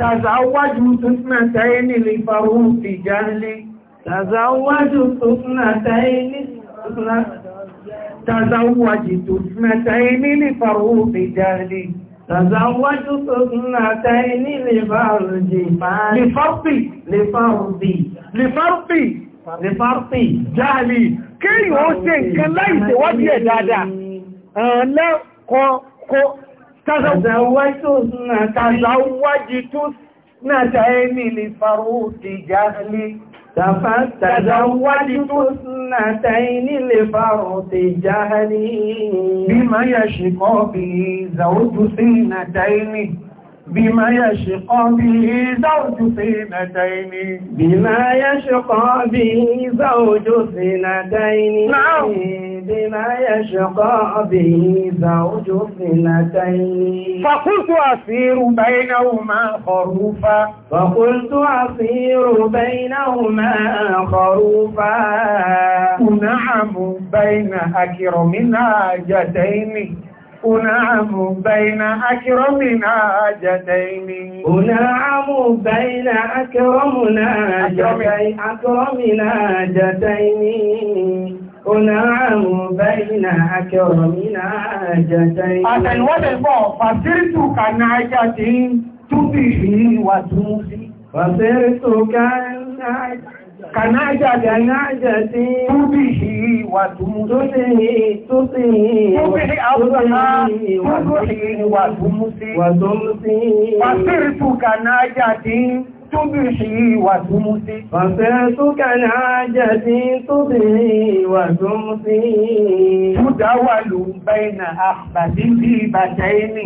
تزوجوا سنتين لفروس جهلي تزوجوا سنتين تزوجت اثنتين لفروس جهلي تزوجت اثنتين لفرج مالي لفرطي لفرطي لفرطي لفرطي جهلي كي يوسن كان لا يتواجه دادا أنا Tazawwajtu snatayni li faruqi jahli تزوجت اثنتين لفرط جهلي بما يشقى به زوج سنتين بما يشقى به زوج سنتين بما يشقى به زوج سنتين نعم. بما يشقى به زوج سنتين فقلت أسير بينهما خروفا فقلت أسير بينهما خروفا نعم بين أكرمنا جدين أنعم بين أكرمنا جتين أنعم بين أكرمنا جتين أكرمنا جتين أنعم بين أكرمنا جتين أتنوات البعض فصرت كنعجة تبهي وتمسي فصرت كنعجة Kànájà kànájà tí túbí ṣìí wà túnmù tó ṣe tó ṣe túbí àwọ̀sánà túbí ṣìí wà túnmù sí wà túnmù sí. Pàṣírìtù kànájà tí túbí ṣìí wà túnmù sí. Pàṣírìtù kànájà tí túbí wà túnmù sí. Túdá wà lù bẹ́ẹ̀ nà àbàdí bí bàtẹ́ ní.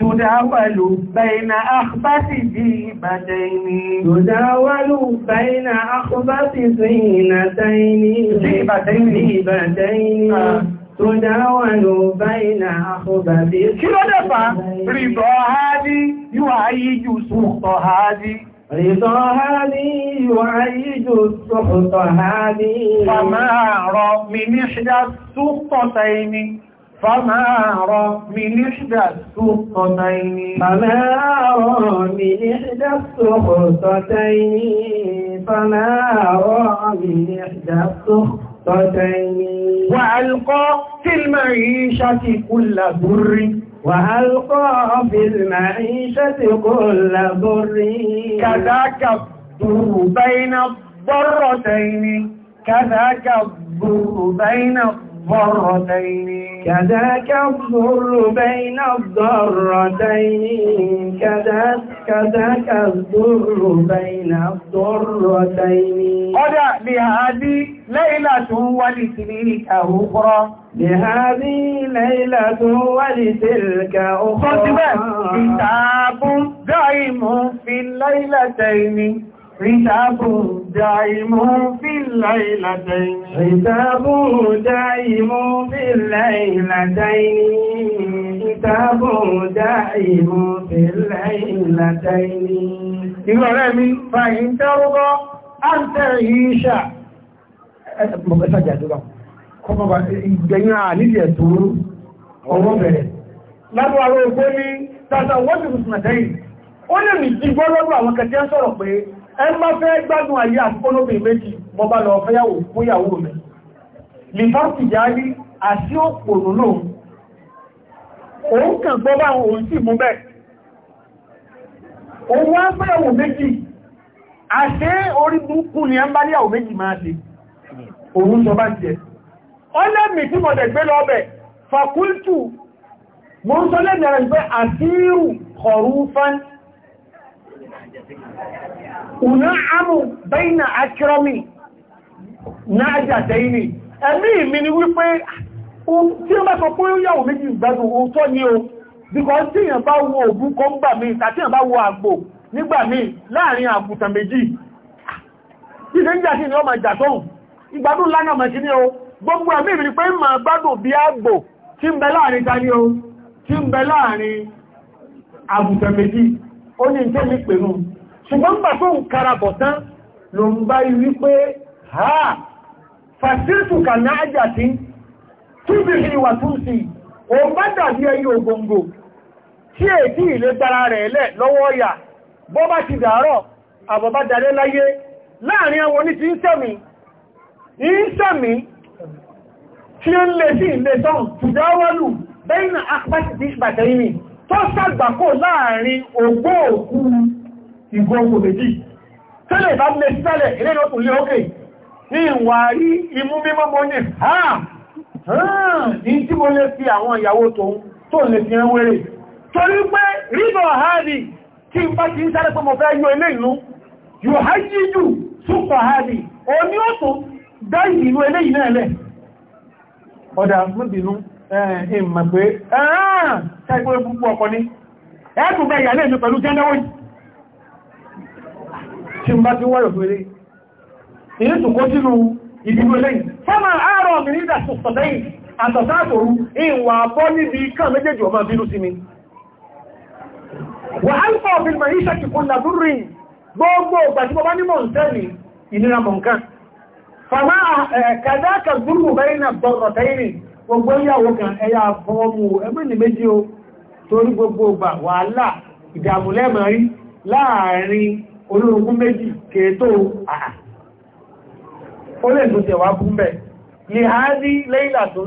تداول بين أخبث زيبتين تداول بين أخبث زينتين زيبتين زيبتين آه. تداول بين أخبث كيلو دفع رضا هذه يعيج سخط هذه رضا هذه يعيج السخط هذه فما رب من إحدى السخطتين فما أرى من إحدى السقطتين فما أرى من إحدى السقطتين فما أرى من إحدى السقطتين وألقى في المعيشة كل بر وألقى في المعيشة كل بر كذاك الضر بين الضرتين كذاك الضر بين الضرتين الضرتين كذاك الضر بين الضرتين كذا كذا الضر بين الضرتين قد بهذه ليلة ولتلك أخرى بهذه ليلة ولتلك أخرى كتاب دائم في الليلتين حساب دائم في الليلتين حساب دائم في الليلتين حساب دائم في الليلتين إذا رأمي فإن ترضى أن تعيش Mọ̀gbẹ́sàjà jùlọ, kọmọ bá ìgbẹ̀yìn àníjẹ̀ tó ọwọ́ bẹ̀rẹ̀. Lábúwà ló gbé ní tàtà wọ́n ti rùsùn ẹ má fẹ́ gbádùn ayé àkólóbìn méjì mo bá lọ fẹ́yàwó fúnyàwó mi lìfáàtì járí àti òpòrò lóhun òun kàn gbọ́ bá òun sì mú bẹ́ẹ̀ òun wá fẹ́yàwó méjì àṣẹ orí burúkú ni ẹ ń bá níyàwó méjì máa ṣe òun sọ bá jẹ́ ọlẹ́mì tí mọ̀dẹ̀ gbé lọ bẹ̀ fàkúltù mo ń sọ lẹ́mì ara ìgbẹ́ àtírù kọ̀rú fáńtì ìnáàmù bẹ́ẹ̀nà akírọ́mì náà jàdẹ́ ilé emi mi ni wípé tí ó bá sọ pé yàwó méjì ìgbádùn òótọ́ o bíkọ́ tí èyàn bá wo òbú kọ́ ń gbà ń jà sí ni ọmọ ìjà o gbogbo ẹ̀mí mi pé mà gbádùn bí àgbò tí ń ta o tí ń bẹ láàrin méjì ó ní ṣùgbọ́n gbà tó ń karabọ̀ tán ló ń bá rí wípé ha fàṣírtù kà ní àjà tí túbí ìwà tún sí o bá dàbí ẹyí ògóngò tí èdí ilé dára rẹ̀ lẹ̀ lọ́wọ́ ọ̀yà bọ́ bá ti dàárọ̀ àbọ̀bá daré láyé láàrin àwọn oní ti ń sẹ́mi ń sẹ́mi tí ó ń lè sí ilé tán tùdáwọ́lù bẹ́yìn àpáṣìdí ìgbàtẹ̀yìn tó sàgbàkó láàrin ògbó òkú ìgò owó méjì tẹ́lẹ̀ bá mẹ́ tẹ́lẹ̀ ilé ìlú òkùnlé ókè ní ìwà rí imú mímọ́ mọ́ ní ní tí mo lè fi àwọn ìyàwó tóun tó lè fi ẹ wéré torí pé rígbọ̀ hàní tí n bá ti ń sáré pé mo fẹ́ yọ ilé ìlú yóò hajjí jù súpọ̀ hàní o ní ó tó dáì ìlú ilé ìlú ẹ̀lẹ̀ ọ̀dà múbìnú ẹ̀ẹ̀mọ̀ pé ẹ̀ẹ̀ẹ́ tí ń bá ti wáyọ̀ fèrè èyí tó kó sínú ìdìbò lẹ́yìn fọ́nà àárọ̀ mi nígbà sọ̀tọ̀ lẹ́yìn àtọ̀sáàtòrú ìwà bọ́ níbi ikán méjèèjì ọmọ bínú sí mi wà á ń fọ́ ọ̀fin mà yíṣẹ́ ti kún làbúrì gbogbo ìgbà tí mo bá ní mọ̀ ń tẹ́lì ìnira mọ̀ nǹkan fàmá kàdákà gbúrù bẹ́yìn àbọ̀rọ̀ tẹ́yìn gbogbo ìyàwó kan ẹ̀yà fọ́ọ̀mù ẹgbẹ́ ní méjì o torí gbogbo ìgbà wàhálà ìdààmú lẹ́mọ̀ rí láàárín olórogún méjì kèétò àà ó lè tó tẹ̀wà búmbẹ̀ lè ha rí lẹ́ìlà tó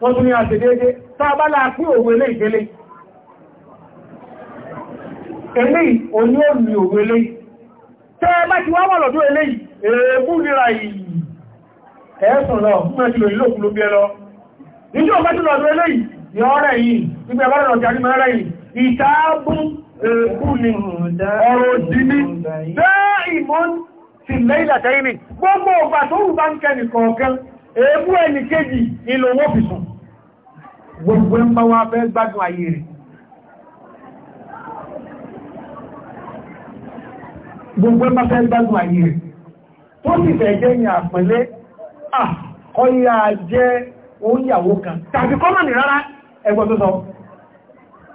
wọ́n tún ní àṣẹ déédé tó abálà pín òwe lè ìdélé eléyìí oní òmì òwe lè tẹ́ bá ti wá wà lọ́dún eléyìí èébú nira yìí ẹ̀ẹ́sùn lọ fún èébú ni ọ̀rọ̀ dí ní dáìmọ́ ti lẹ́ìlà tẹ́yìnì gbogbo ọgbà tó rù bá ń kẹ́ nìkan ọ̀kan èébú ẹni kéjì ilò owó fi sùn gbogbo ń bá wá fẹ́ gbádùn ayé rẹ̀ gbogbo ń bá fẹ́ gbádùn ayé rẹ̀ tó sì fẹ́ jẹ́ ìyà àpẹẹlẹ́ àkọ́yà ah, jẹ́ oúnjàwó kan tàbí kọ́mọ̀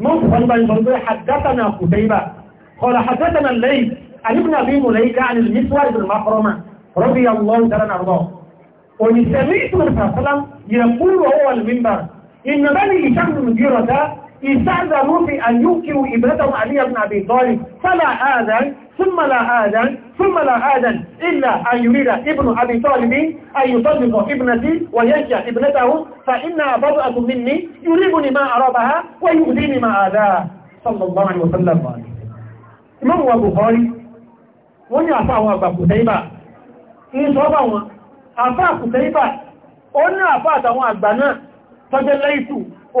mọ́tò fọ́nbà ń sọ pé haddatana kùtẹ́ibà kọ́lá haddatana lẹ́yìn alìbìnà bí mo lẹ́yìn ká ànìlì mísúwà ìdùn mákọ́rọ́mà rọ́bì yàlọ́wọ́ dára nà rọ́ onísẹ̀mí ìtumọ̀ sàfọ́lá yẹ kúrò owó alìmínbà ìnàbẹ́ni ìṣàkùn gírọ̀dá ìṣàdàmú fi àyúkìrù ìbẹ́tọ̀ àlíyàn àbí ìtọ́lì sálà àádán ثم لا آذن ثم لا آذن إلا أن يريد ابن أبي طالب أن يطلق ابنتي وينشأ ابنته فإنها بضعة مني يريبني ما أرابها ويؤذيني ما آذاه صلى الله عليه وسلم Imam هو أبو wọ́n ní àfá àwọn àgbà Kùtẹ́ibà ní sọ́bà wọn àfá Kùtẹ́ibà ó ní àfá àtàwọn àgbà náà tọ́jẹ́ lẹ́ìtù ó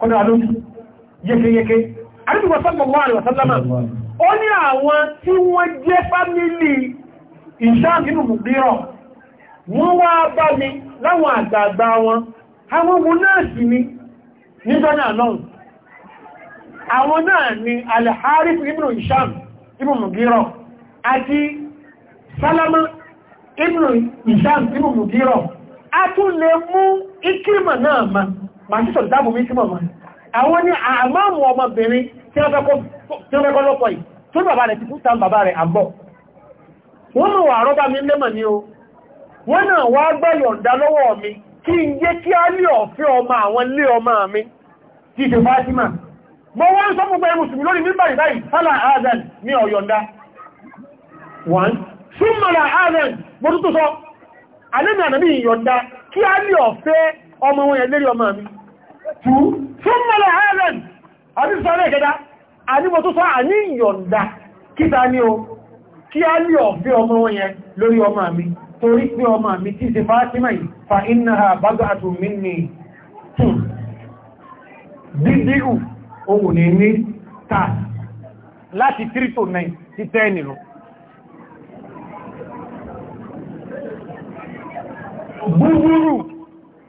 kọ́dá lórí yẹ́kẹ́yẹ́kẹ́ àríwọ̀ sallallahu alaihi wasallam ó ní àwọn tí wọ́n jẹ́ fámílì ìṣáàkínú mùgbíràn wọ́n wá bá mi láwọn àgbààgbà wọn àwọn ohun náà sì ni nígbọ́nà náà àwọn náà ni al-Harith ibn Hisham ibn Mughira Salama ibn Hisham ibn Mughira a tún lè mú màtíṣọ̀ dáàbò mi sí mọ̀mọ́ àwọn ní àmáàmù ọmọbìnrin tí wọ́n fẹ́kọ́ lọ́pọ̀ yìí tó bàbá rẹ̀ ti fúta bàbá rẹ̀ àbọ̀ wọ́n mọ̀ wà rọ́bá mi lẹ́mọ̀ ni o wọ́n náà wá gbọ́ yọ̀ǹda lọ́wọ́ mi kí n jẹ́ kí á lè ọ̀fẹ́ ọmọ àwọn lé ọmọ mi ti ṣe Fátímà mọ́ wọ́n sọ fún pẹ̀lú mùsùlùmí lórí mímbà ìbáyìí sálà ààzàn ní ọ̀yọ̀ǹda wọ́n súnmọ̀lá ààzàn mo sọ alẹ́mì ànàmì ìyọ̀ǹda kí á lè ọ̀fẹ́ ọmọ wọn yẹ lérí ọmọ mi tú fún mọ́lẹ̀ ireland àti sọ ilé ìkẹta àníwọ̀ tó sọ àní ìyọ̀ǹda kíta ní o kí a lè ọ̀fẹ́ ọmọ wọn yẹ lórí ọmọ mi torí pé ọmọ mi tí ṣe fásímà yìí fa iná àbágọ́ àtùmí ni dídíù ohun ní ní ta láti 3 to 9 sí 10 nìlú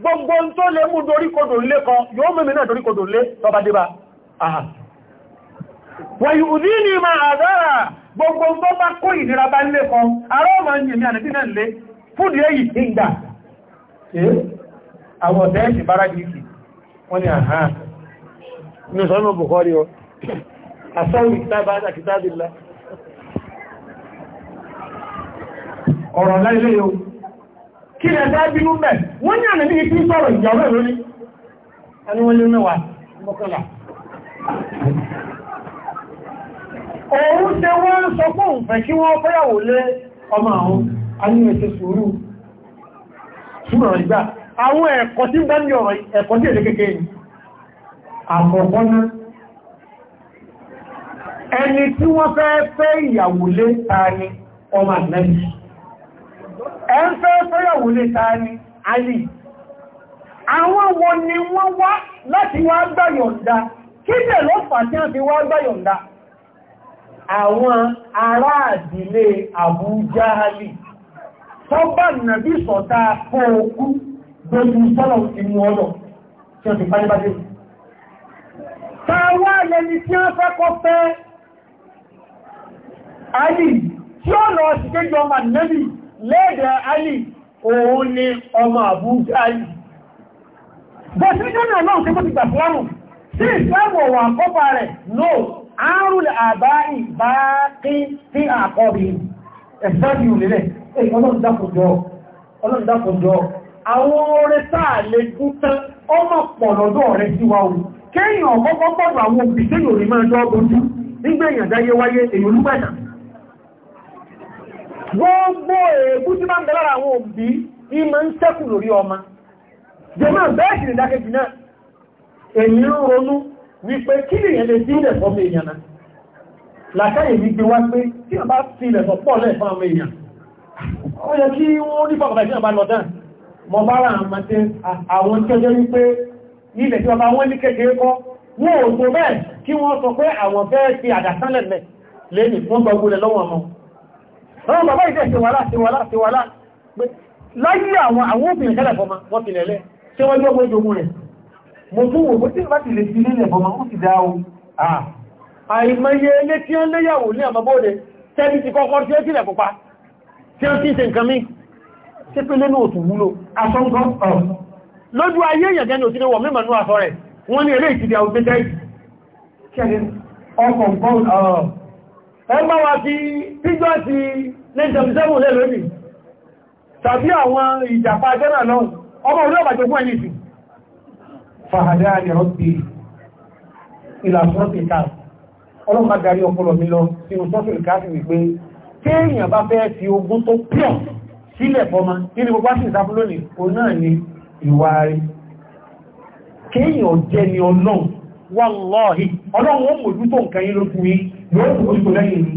gbogbo tó lè mú doríkodò lé kan yóò mẹ́mẹ́ náà doríkodò lé tọba dé bá àhà wàyí òdí ni ma àdára gbogbo tó bá kó ìnira bá lé kan ará ọmọ yìí àti náà lé fúdí èyí ìgbà àwọn ọ̀dẹ́ ọ̀rọ̀ láìlé yóò kí lẹ bá bínú bẹ̀ wọ́n ní ànàbí ní kí sọ̀rọ̀ ìyàwó lórí ẹni wọ́n lé mẹ́wàá mọ́kànlá ṣe wọ́n sọ pé kí wọ́n fẹ́yàwó lé ọmọ àwọn aníwẹ̀ṣẹ́ sùúrù ìgbà àwọn ẹ̀kọ́ tí bá ní ọ̀rọ̀ ẹ̀kọ́ tí ẹ ń fẹ́ fẹ́yàwó lè ta ni alì àwọn wo ni wọ́n wá láti wá gbàyọ̀ǹda kí jẹ́ ló fà tí wọ́n fi wá gbàyọ̀ǹda àwọn ará àdílé àbújáhálì tọ́bà nàbí sọ̀tà fún okú gbogbo sọ́lọ̀ ìmú ọlọ̀ tí ó ti bá níbájé tàwà lẹni tí tí ó lọ sí kéjọ ọmọ nẹ́bì lẹ́ẹ̀dẹ̀ alì òun ni ọmọ àbújá alì bọ̀síjọ́nà náà tí kó ti gbàfúlámù sí ìsìlámù wà kọ́pà rẹ̀ no àárùn àbáyì bá kí sí àkọ́bí ẹ̀sẹ́bí òlélẹ̀ ọlọ́dúndákùnjọ́ àwọn oore táà lè gúntán ọmọ pọ̀lọ́dọ̀ rẹ̀ sí wa ohun kéèyàn ọ̀kọ́kọ́ pọ̀lọ̀ àwọn òbí tẹ́lò rí máa dọ́ ọgbójú nígbẹ̀yàn dáyé wáyé èyí olúgbẹ̀dàn gbogbo èébú tí máa ń bẹ̀lára àwọn òbí ní ma ń sẹ́kù lórí ọmọ jẹmọ́ bẹ́ẹ̀ sì lè dákejì náà èyí ń ronú wípé kí lèyàn lè sí ilẹ̀ fọ́mọ èèyàn náà làkáyè mi gbé wá pé tí wọ́n bá fi ilẹ̀ fọ́ pọ̀ lẹ́ fún ọmọ èèyàn ó yẹ kí wọ́n ní fọ́kànlá ìṣẹ́ ọba lọ́dán mọ bá ilẹ̀ lọ́wọ́ ọmọ àwọn bàbá ìdẹ́ ṣèwàlá ṣèwàlá ṣèwàlá láyé àwọn àwọn obìnrin kẹ́lẹ̀ fọmọ wọ́n ti lẹ̀lẹ́ ṣe wọ́n jọ́ gbójogun rẹ̀ mo tún wò pé tí bá ti lè fi lílẹ̀ fọmọ ó ti dá o àìmọye ilé tí ó ń léyàwó ní àmọ́bóde tẹ́bí ti kọ́kọ́ tí ó ti lẹ̀ pupa tí ó ti ṣe nǹkan mí tí pé lẹ́nu òtù wúlò asọ́nkọ́ lójú ayé èèyàn jẹ́ni òtí wọ̀ mímọ̀ ní aṣọ rẹ̀ wọ́n ní eré ìtìdí àwọn 1977 lẹ́lórí tàbí àwọn ìjàpá jẹ́nà náà ọmọ orí ọ̀bàjọ́ fún ẹni ìsìn fàhàdá ni rọ́pì ìlàsọ́pì káà ọlọ́pàá darí ọpọlọ mi lọ sínú sọ́fìlì káàkì wípé téèyàn bá fẹ́ fi ogún tó pọ̀ sílẹ̀ fọ́mà nínú gbogbo àti ìsáfún lónìí o náà ni ìwà rí kéèyàn jẹ́ ni ọlọ́run wọ́n lọ́ọ̀hí ọlọ́run ó mójútó nǹkan yí lójú yí lóòrùn oṣù lẹ́yìn yìí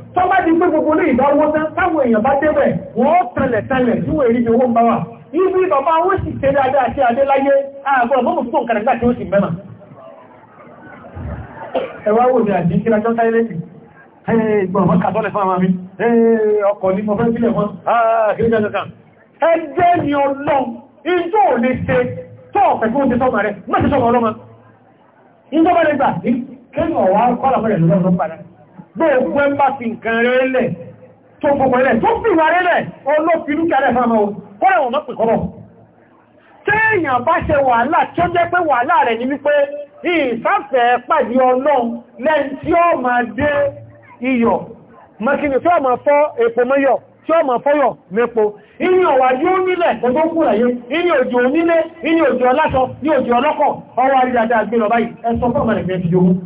tó bá di pé gbogbo lè ìbá owó tán káwọn èèyàn bá débẹ̀ wọ́n tẹ̀lẹ̀ tẹ̀lẹ̀ tí wọ́n èrí owó ń bá wà ibi bàbá owó sì tẹ̀lé adé àti adé láyé àgbọ̀n mọ́mù fún òǹkàrẹ̀ gbà tí ó sì mẹ́mà ẹwà wò ní àjí kíra jọ́ táyé lẹ́sì ẹgbọ̀n mọ́ kàtọ́lẹ̀ fún àmà mi ọkọ̀ ní mo fẹ́ sílẹ̀ wọn ah, ẹgbẹ́ ni ọlọ́m ijó ò lè ṣe tọ́ ọ̀pẹ̀ fún oúnjẹ sọ́mà rẹ̀ mọ́ gbogbo ẹ bá fi nǹkan rẹ̀ lẹ̀ tó gbogbo ẹlẹ̀ tó fi wà rẹ̀ olófinú kí alẹ́ fàmà o kọ́rẹ̀ wọn mọ́pẹ̀ kọ́rọ̀ téèyàn bá ṣe wàhálà tí ó jẹ́ pé wàhálà rẹ̀ ní wípé ìfáfẹ́ pàdé ọlọ́run lẹ́n tí ó máa dé iyọ̀ mọ́kínú tí ó máa fọ́ epo mọ́yọ̀ tí ó máa fọ́yọ̀ mẹ́po inú ọ̀wà ní ó nílẹ̀ ọdún kú rẹ̀ inú òjò onílé inú òjò ọláṣọ ní òjò ọlọ́kọ̀ ọwọ́ àrídàdà gbé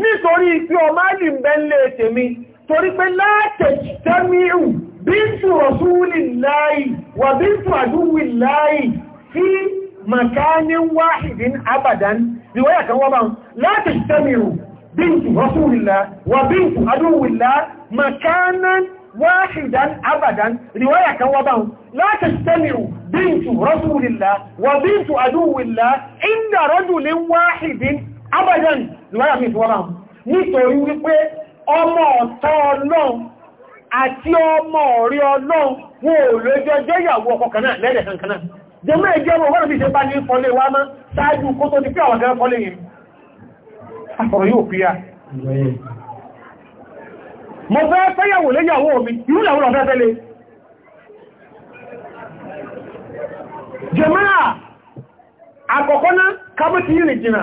nítorí pé ọmọ àlì ń bẹ́ lè tèmi torí pé látẹ̀kì tẹ́míù bíntù rọ̀súlì láì wà bíntù àdúwì láì fi màkáni wáhìdín abadan ríwáyà kan wọ́n bá látẹ̀kì tẹ́míù bíntù rọ̀súlì láì wà bíntù àdúwì láì màkánan واحدا ابدا روايه كوابه لا تجتمع بنت رسول الله وبنت عدو الله عند رجل واحد ابدا lọ́yà mi fọ́nà nítorí wípé ọmọ ọ̀tá ọlọ́run àti ọmọ ọ̀rí ọlọ́run wo lójọjọ́ ìyàwó ọkọ kanáà lẹ́rẹ̀ kankanáà jẹmọ́ ẹjẹ́ ọmọ wọ́n bí bá ní fọ́lé wá mọ́ sáájú kó tó ti pé àwọn ọ̀dẹ́ fọ́lé yìí ya mo fẹ́ fẹ́yàwó na.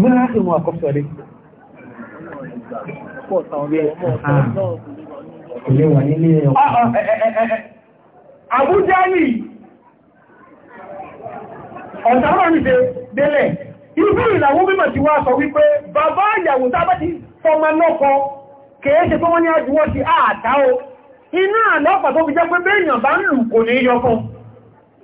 mẹ́rin láti mú àkọ́sọ̀ rẹ̀ Àbújá ní ọ̀tàrà ti wá sọ wípé bàbá ìyàwó tá bá ti fọmọ lọ́kọ kèé ní àjúwọ́ ti àtà o, iná àlọ́pàá tó jẹ́ pé bẹ́ẹ̀yàn bá ń lù kò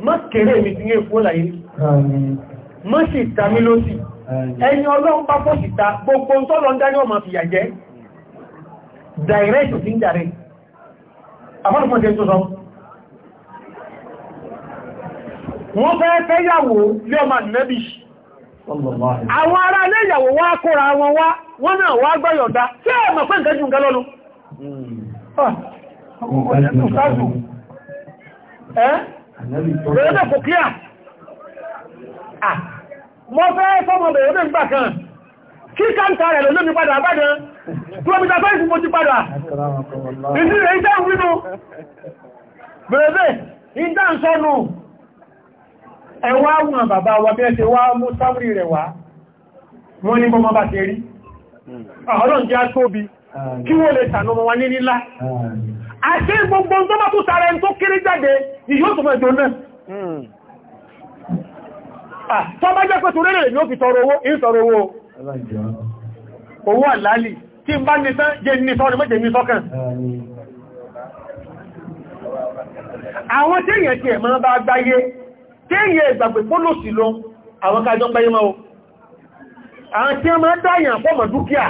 má kéré mi ti ní èkó láyé má sì ta mí ló sì ẹni ọlọ́run bá fọ́ sí ta gbogbo tọ́lọ ń dá ní ọmọ fìyà jẹ́ direct sí ń dàrẹ afọ́nàmọ́sẹ̀ tó sọ wọ́n fẹ́ fẹ́ yàwó lé ọmọ nẹ́bí àwọn ará ilé ìyàwó wá kóra wọn wá wọ́n náà wá gbọ́yọ̀dá tí ẹ mọ̀ pé nǹkan hmm. ah, jù nǹkan lọ́nu Bẹ̀rẹ̀ náà kò kíyà. Mọ́ fẹ́ fọ́mọ̀ bẹ̀rẹ̀ ní ìgbà kan. Kí káńtà rẹ̀ lọ lómi padà àbádán? Dúọ́mítà fẹ́ẹ̀sì mo ti padà. Ìdí rẹ̀ ìdá ń wínú. Bẹ̀rẹ̀ bẹ̀, ìdá ń sọ́nù. Ẹwà wọn bàbá wa bí ẹ ti wá mú sáwúrì rẹ̀ wá. Wọ́n ní bọ́mọ bá ti rí. Hmm. Ah, Ọlọ́run jẹ́ á tóbi. Kí wọ́n lè tànà ọmọ wa ní nílá àṣẹ gbogbo tó bá tó tààrẹ tó kéré jáde ni yóò tó mẹ́jọ náà hmm. ah, tó bá jẹ́ pé tó rẹ̀rẹ̀ ni ó fi tọrọ owó in tọrọ owó owó àlálì tí n bá ní tán jẹ́ ní sọ́rọ̀ méje ní sọ́kàn àwọn tí èyàn tí ẹ̀ máa bá gbáyé tí èyàn ìgbàgbé pólòsì lọ àwọn kájọ gbáyé máa àwọn tí a máa dáyàn fọ́mọ̀ dúkìá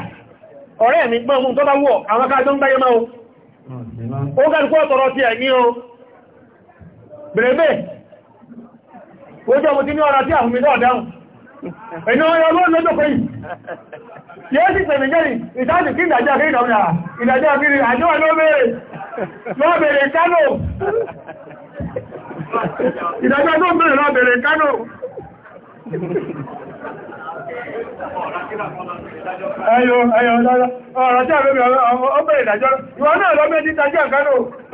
ọ̀rẹ́ mi gbọ́n mú tó bá wọ́ àwọn kájọ gbáyé máa ó kẹ́lùkọ́ ọ̀tọ̀rọ̀ ti ẹ̀mí o bèrèbè ojú ọmọ tí ní ọ̀rọ̀ tí àhùnmí náà dáhùn ẹ̀nà ọlọ́run lójò pé yìí sì pẹ̀lú jẹ́rì ìtàjì kí ìdàjá kí ìdàmìnà ìdàjá kí àjọ́ lọ́bẹ̀rẹ̀ kánò ìdàjá tó bẹ̀rẹ̀ lọ́bẹ̀rẹ̀ kánò Ẹyọ, ẹyọ, ọ̀rọ̀ tí àbẹ́bẹ̀ ọbẹ̀rẹ̀ ìdájọ́. Ìwọ náà lọ bẹ́ títajú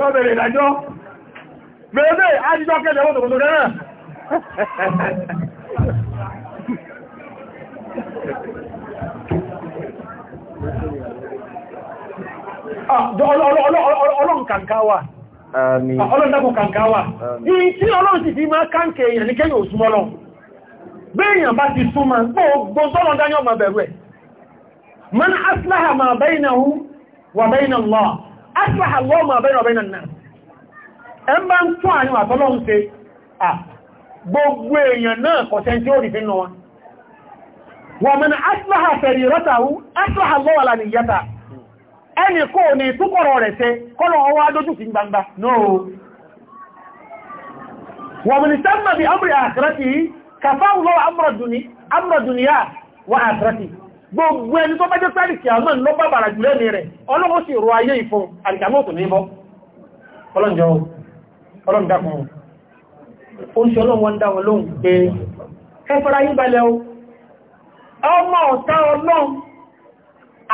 lọ́bẹ̀rẹ̀ ìdájọ́. ájíjọ́ ah, Ọlọ́run kàǹkà wà. Ah, ọlọ́run dákùn kàǹkà wà. Ìyí tí ọlọ́run sì fi máa èèyàn ní kẹ́yìn béèyàn bá ti súnmọ́ gbogbo tọ́lọ̀ dáyọ́ ma bẹ̀rù ẹ̀ man aslaha ma bainahu wa baina Allah aslaha Allah ma baina wa baina an-nas ẹ bá ń tún àyíwà tọ́lọ̀ ń ṣe gbogbo èèyàn náà kọ̀tẹ́ tí ó rí fi nù wọn wa man aslaha sariratahu aslaha Allah wala niyyata ẹni kó ní túkọ̀rọ̀ rẹ̀ ṣe kọ́lọ̀ ọwọ́ adójú sí gbangba náà wọ̀mìnì sẹ́mà bí ọmọ ìyà àkìrẹ́kì kàfáwù lọ́wọ́ amúrọ̀dùnìyà wà àtàràtì gbogbo ẹni tó bá jẹ́ sáàrì kí àmọ́ lọ bá bàrà jùlẹ́ ní rẹ̀ ọlọ́wọ́ sì rọ ayé ìfún àrìkàmọ́tò ní bọ́ ọlọ́njọ́ ọlọ́ndàkùn ó ń ṣe ọlọ́wọ́n dá wọn lóhùn pé ẹfẹ́ra yí balẹ̀ o ọmọ ọ̀tá ọlọ́run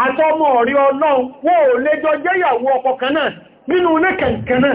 àti ọmọ náà nínú ilé kẹ̀kẹ́ náà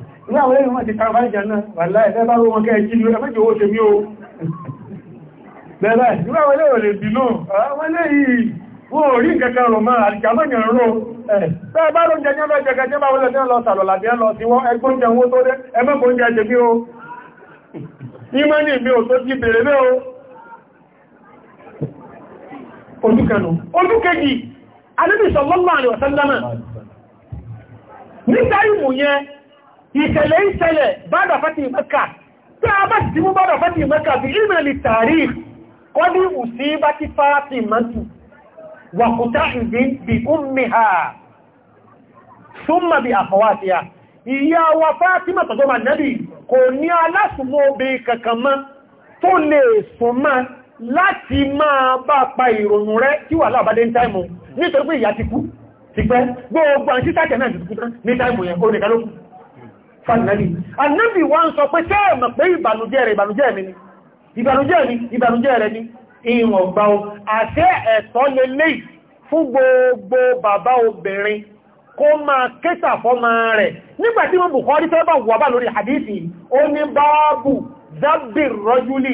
ní àwọn ẹ̀rùn àti kàràbáìjà náà wà láì ẹbá rú wọn kẹ́ẹ̀kí ló ẹmẹ́jì owó ṣe mí o bẹ̀rẹ̀ ìwé àwọn ẹlẹ́rọ lè bí náà àwọn ẹlẹ́yìí wọ́n rí kẹkẹ rọ̀ máa àdìkàmọ́yàn rọ̀ bẹ́ẹ̀ bá rọ̀ jẹjẹ́ bá jẹjẹ́ jẹ́ bá wọlé jẹ́ lọ sàlọ̀ làbí ẹ lọ sí wọ́n ẹgbọ́n jẹ owó tó dé ẹmẹ́kọ́ oúnjẹ jẹ bí o ìmọ́ ní ìbí ò tó jí bèèrè mẹ́ o ojúkẹnu ojúkẹjì alẹ́bìsọ̀ lọ́lọ́ àríwọ̀sẹ́lẹ́mẹ̀ nígbà ìmù yẹn ìṣẹ̀lẹ̀ ìṣẹ̀lẹ̀ bádà fati Mẹ́kà tí a bá ti mú bádà fati Mẹ́kà bí ìmẹ̀lì tààrí kọ́ ní ùsí bá ti fáti mẹ́tù wàkútá ìdí bí ummi ha súnmà bí àfọwàtí ha ìyá láti máa bá pa ìròyìn rẹ tí wà láàbádé ní táìmù nítorí pé ìyá ti kú ti pẹ́ gbogbo àti tàìmù ní táìmù yẹn ó nìkan lókùn fàìnàlì annabi wọ́n sọ pé tẹ́ ẹ̀mọ̀ pé ìbànújẹ́ rẹ̀ ìbànújẹ́ mi ni ìbànújẹ́ mi ìbànújẹ́ rẹ̀ ni ìwọ̀n gbá o àṣẹ ẹ̀tọ́ lélẹ̀ fún gbogbo bàbá obìnrin kó máa kẹta fọ́mọ rẹ̀ nígbàtí wọ́n Bukhari fẹ́ bá wà bá lórí hadithi ó ní báábù zabi rọjúlì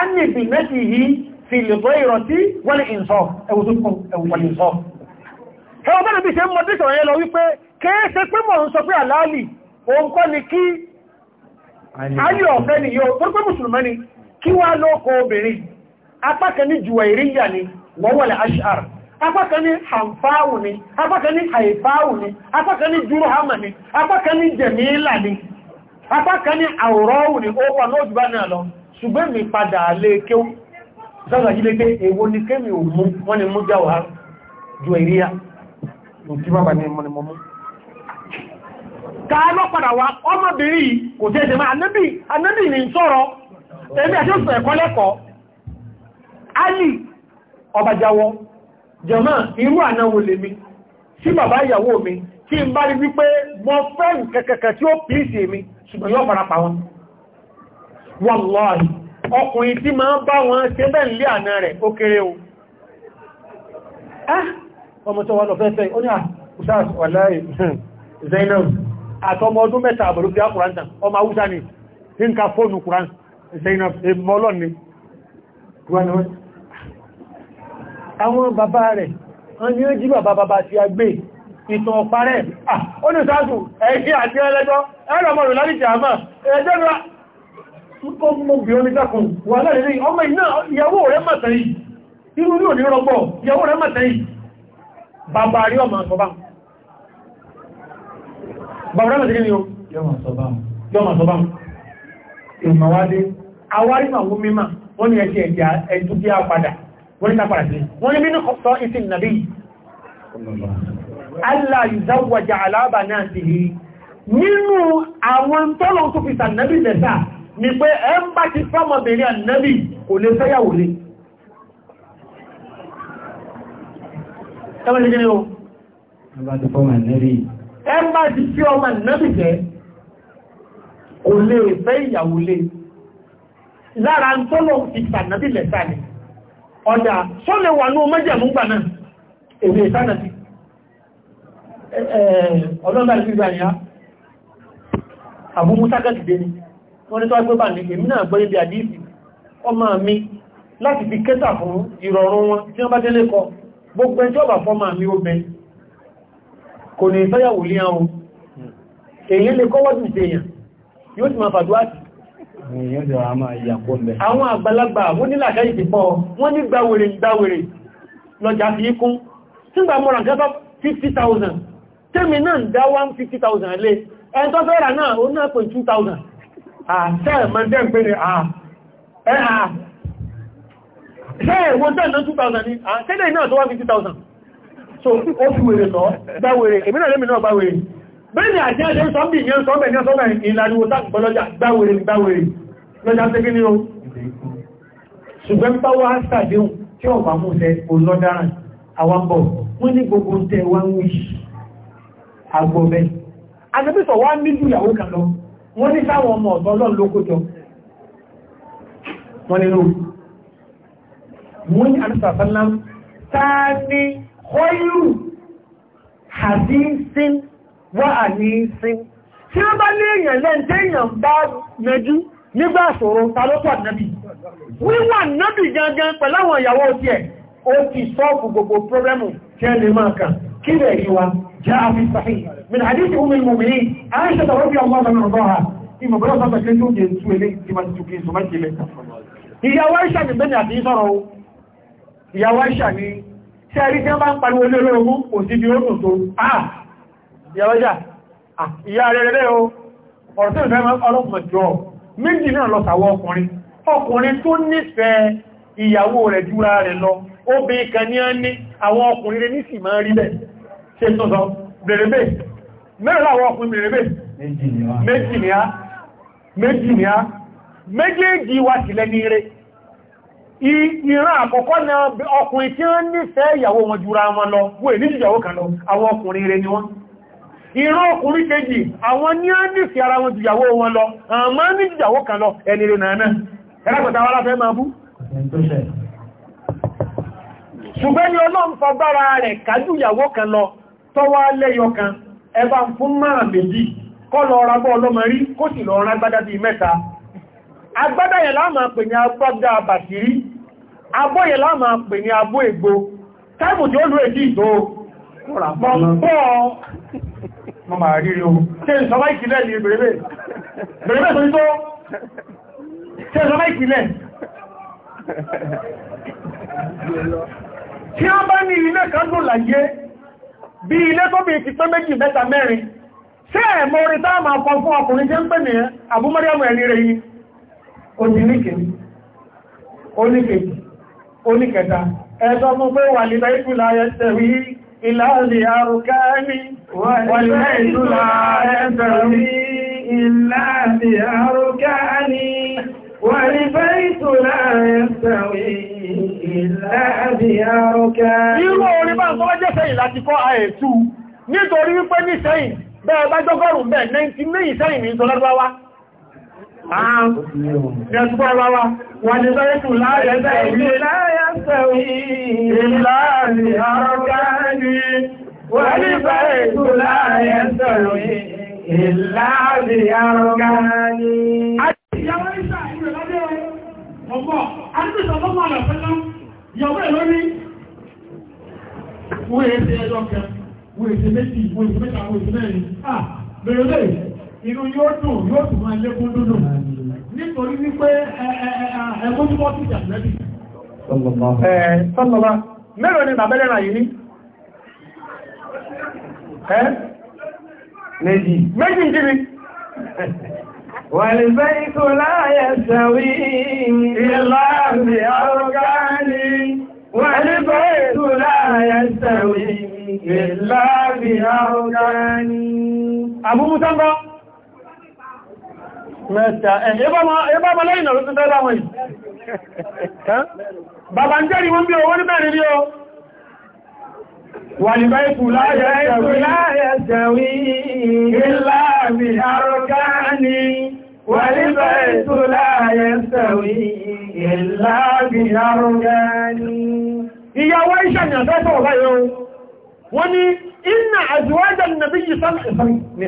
ánìbì mẹ́tì yìí fi lè bọ́ ìrọ̀tí wọ́lẹ̀ ìǹsọ́ ẹwù tó kún ẹwù wọ́lẹ̀ ìǹsọ́ òun kọ́ ni kí ayé ọ̀fẹ́ ni yóò tó pé mùsùlùmí ni kí wá lóòkó obìnrin apákan ní Juwairiyya ni wọ́n wọ́lẹ̀ ashar apákan ní hamfáwù ni apákan ní haifáwù ni apákan ní jurhama ni apákan ní jẹ̀mílà ni apákan ní àwòrọ́wù ni ó wà lóòjú bá náà lọ ṣùgbọ́n mi padà lè kéw sọ́gbà jílé pé èwo ni kémi ò mú wọ́n ni mú káàlọ́ padà wá ọmọbìnrin yìí kò jẹ́ jẹ́ máa anábì ní sọ̀rọ̀ ẹ̀mí àti òsùn ẹ̀kọ́ lẹ́kọ̀ọ́ alì ọbàjáwọ́ jẹ̀mọ́ irú ànáwò lè mi sí bàbá ìyàwó mi kí n bá rí wípé mọ́ fẹ́ tí ó ah, ọmọ tó lọ ó ní ah, Zainab àtọmọ ọdún mẹ́ta àbọ̀lú bí ákùrántà ọmọ awúsá ni tí ń ka fóònù kùrán ìsẹ́yìn eh, mọ́lọ́n ni àwọn bàbá rẹ̀ wọ́n ni ó jí bàbá bàbá ti agbé ìtàn ọ̀parẹ́ ó ní sáàtù ẹ̀ṣí àti ẹlẹ́jọ́ ẹ̀rọ̀mọ̀rọ̀ láti jẹ́ àmà ẹjọ́ rẹ̀ ó mú bí omi dákùn wà láàrin ọmọ iná ìyàwó rẹ̀ mọ̀tẹ̀ yìí bàbá náà tẹ́lẹ̀ ni ó yọ́mà sọ báhùn ìmọ̀wádé awárínà wọ́n mímà wọ́n ni ẹ̀kẹ́ ẹ̀kẹ́ ẹ̀dú bí àpadà wọ́n ni tàpàdà sí wọ́n ni mínú sọ ìsìn nàbí aláyùzáwàjà aláàbà náà sì rí nínú àwọn tọ́lọ̀ tó fi sànàbí lẹ́sà ni pé ẹ ń bá ti fọ́mọbìnrin ànàbí kò lè fẹ́yàwó lé Ẹgbẹ́ ti gẹ́ni o? ẹ ń bá di kí ọmọ ìnábì jẹ́ kò lè fẹ́ ìyàwó lé lára ń tọ́lọ̀ ìfànàbì lẹ́sà ni ọ̀dà sọ́lẹ̀ wà ní ọmọjẹ̀mú gbà náà èdè ìsànàbì ọlọ́dà ìgbìgbà ni á àbúmú sákàtìdé ni wọ́n ní tó wá gbébà ní èmi náà gbọ́ ibi àdíìsì ọmọ mi gbogbo ẹjọ́ bà fọ́mà mi ó bẹ̀rẹ̀ kò ní ìfẹ́yàwó lé àwọn èyí lè kọ́wọ́ jù sí èyàn yóò sì máa fàdúwà sí àwọn àgbàlagbà wọ́n ní làṣẹ́ ìtìpọ̀ wọ́n ní gbàwèrè gbàwèrè lọ́jà fi kún sígbà mọ́ra gẹ́tọ́ 50,000 tẹ́mi náà dá 150,000 lé ẹn tó fẹ́ra náà ó náà pè 2,000 àṣẹ́ mẹ́ndẹ́ pé ní àà ṣẹ́ ìwọ́n tẹ́ so ó fi wèrè lọ gbáwèrè èmi náà lẹ́mì náà gbáwèrè bẹ́ẹ̀ni àti ẹjẹ́ sọ́bì ìyẹn sọ́bẹ̀ ní ọsọ́bẹ̀ ìlànìwò tàbí lọ́jà gbáwèrè gbáwèrè lọ́jà sí gíní o ṣùgbọ́n bá wá sàdéhùn tí ó bá múṣẹ olọ́dáràn àwambọ̀ wọ́n ní gbogbo tẹ wá ń wí agbọ́bẹ́ agbẹ́bẹ́sọ̀ wá nílùú ìyàwó kan lọ wọ́n ní sáwọn ọmọ ọ̀dọ́ ọlọ́run ló kójọ wọ́n nínú wọ́n ní àdúsàfẹ́lá tá ní kọ́ìrù àdínsín wà àníísín tí ó bá ní èèyàn lẹ́n tí èèyàn bá mẹjú nígbà ṣòro ta ló pọ̀ nẹ́bì wíwà nẹ́bì gangan pẹ̀láwọn ìyàwó ti ẹ̀ ó ti sọ́ọ̀kù gbogbo pọ́rẹ́mù tí ẹ lè máa kàn kí lẹ̀ yí wa já hadith umu mumini aisha ta rabi allah min rọha ima bọ́lá sọ́sọ́ kí tó jẹ́ tú ilé tí ma ti tukí sọ mẹ́tì ilé ìyàwó aisha ni bẹ́ni àti ìsọ́rọ̀ ìyàwó aisha ni ṣe rí tí wọ́n bá ń pariwo lé olóògùn kò sí bí ó dùn tó ah ìyàwọ́jà ìyá rẹ̀ o ọ̀rọ̀ tí ìfẹ́ ọlọ́pàá jọ méjì náà lọ sàwọ́ ọkùnrin ọkùnrin tó nífẹ̀ẹ́ ìyàwó rẹ̀ júra rẹ̀ lọ obìnrin kan ní án ní àwọn ọkùnrin rẹ̀ nísì máa rí bẹ̀ ṣe tó sọ bẹ̀rẹ̀bẹ̀ mẹ́rin láwọn ọkùnrin bẹ̀rẹ̀bẹ̀ méjì ni á méjèèjì wa sì lẹ́ni rẹ̀ ìran àkọ́kọ́ na ọkùnrin tí ó nífẹ́ ìyàwó wọn jùra wọn lọ wọ́n ní ìyàwó kan lọ àwọn ọkùnrin rẹ̀ ni wọ́n ìran ọkùnrin kejì àwọn ní ó nífẹ́ ara wọn jùyàwó wọn lọ ìyàwó kan lọ ẹni rẹ̀ nàánà wọ́n kan lọ láàmà pè ní agbádá abóyẹ láàmà pè ní abó ègbò táìmù tí ó lú èdí ìtò mọ̀ pọ́ mọ́ máa rírí ohun tí ìsọ́lá ìkìlẹ̀ ní bèrèbè bèrèbè tó ní tó tí ìsọ́lá ìkìlẹ̀ tí a bá ní ilé kan ló láyé bí ilé tó bí ti pé méjì mẹ́ta mẹ́rin ṣé ẹ̀mọ́ orí táà máa fọ́ fún ọkùnrin tí ń pè ní àbúmọ́rí ọmọ ẹ̀rí rẹ̀ yìí òjì oníkẹta ẹ̀sọ́ mú pé wà nílẹ̀ ìpìlà ẹ̀tẹ̀rí ìlàrí àrùkáàrí wà nílẹ̀ ìpìlà ẹ̀tẹ̀rí ìlàrí àrùkáàrí wà nílẹ̀ ìpìlà ẹ̀tẹ̀rí ìlàrí àrùkáàrí irú orí máa tó wájẹ́ sẹ́yìn láti kọ́ àẹ̀tù nítorí wípé ní sẹ́yìn bẹ́ẹ̀ bá jọ́gọ́rùn bẹ́ẹ̀ 99 sẹ́yìn ní ìtọ́lọ́gbáwá والبيت لا يستوي لا يستوي إلا بأركاني والبيت لا يستوي إلا بأركاني Ìyàwó ìṣà ìrìn lọ́dẹ́ ọ̀pọ̀, a ń tẹ́sọ̀ lọ́pọ̀ àlọ̀fẹ́lá, ìyàwó ẹ̀ lórí, wọ́n èé ṣe ẹjọ́ kẹ, wọ́n èé ṣe méjì, wọ́n èé ṣe mẹ́ta, wọ́n èé ṣe mẹ́rin. Ah, bẹ̀rẹ̀ lẹ́yìn, inú yóò dùn, yóò dùn máa lékún dúdùn nítorí wípé ẹgbójúmọ́ ti jà lẹ́bí. Sọ́lọ́lá, mẹ́rin ni bàbẹ́lẹ̀ rà yìí ní? Ẹ́? Méjì. Méjì jíri. Wàlì bẹ́yí tó láyẹ̀ sẹ̀wí ìlàmì ọ̀gáni. Wàlì bẹ́yí tó láyẹ̀ sẹ̀wí ìlàmì ọ̀gáni. Àbúmú sáńbọ́ mẹ́ta ẹ̀bá lẹ́yìn náà ló tún tẹ́lá wọn yìí bàbá ń jẹ́rì wọ́n bí owó ní bẹ̀rẹ̀ rí o wà ní báyìí kù láyẹ̀ ẹ̀sẹ̀wí ilá mi àrọ́gá ní wà ní báyìí kù láyẹ̀ ẹ̀sẹ̀wí ilá mi àrọ́gá ní ìyàwó ìṣẹ̀yàn tẹ́tọ̀ báyìí inna àjúwájẹ̀ nàbí yìí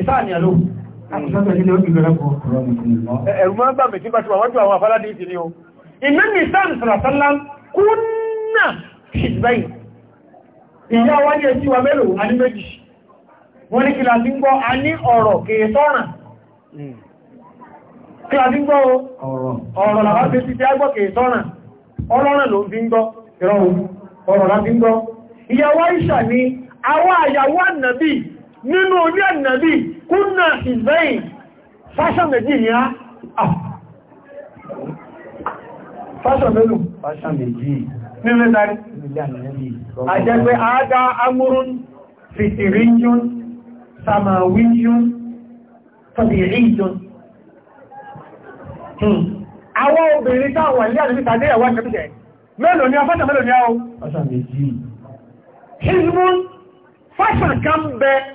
sáàmì Ẹ̀rù máa ń bà mí tí bá ti wà wájú àwọn àfáládé ìsìn ni ó. Iná ní sáà sàràsánlá kúnnà ṣìgbẹ́yìn. Ìyá wá ní ẹjí wa mélòó, a ní méjì. Wọ́n ní kìláàtí ń gbọ́, a ní ọ̀rọ̀ kèé tọ́ràn. Kìláàtí ń gbọ́ ọ̀rọ̀ làwọn fi ti ti ágbọ́ kèé tọ́ràn. Ọlọ́ràn ló ń fi ń gbọ́, ìrọ̀rùn, ọ̀rọ̀ lá fi ń gbọ́. Ìyàwó Aisha ni, àwọn àyàwó ànàbì nínú orí ànàbì kúnnà ìzẹ́yìn fashion méjì ní á ah. fashion mélòó fashion méjì nílé tàrí àjẹ́gbẹ́ àádá amúrún fìtìríjún samawijun tọ́bìríjún hmm. àwọn obìnrin táwọn ilé àdúgbì tàbí ẹ̀wà ìjẹ́bìjẹ́ mélòó ni a fashion mélòó ni a ó fashion méjì Hizmun fashion kan bẹ́ẹ̀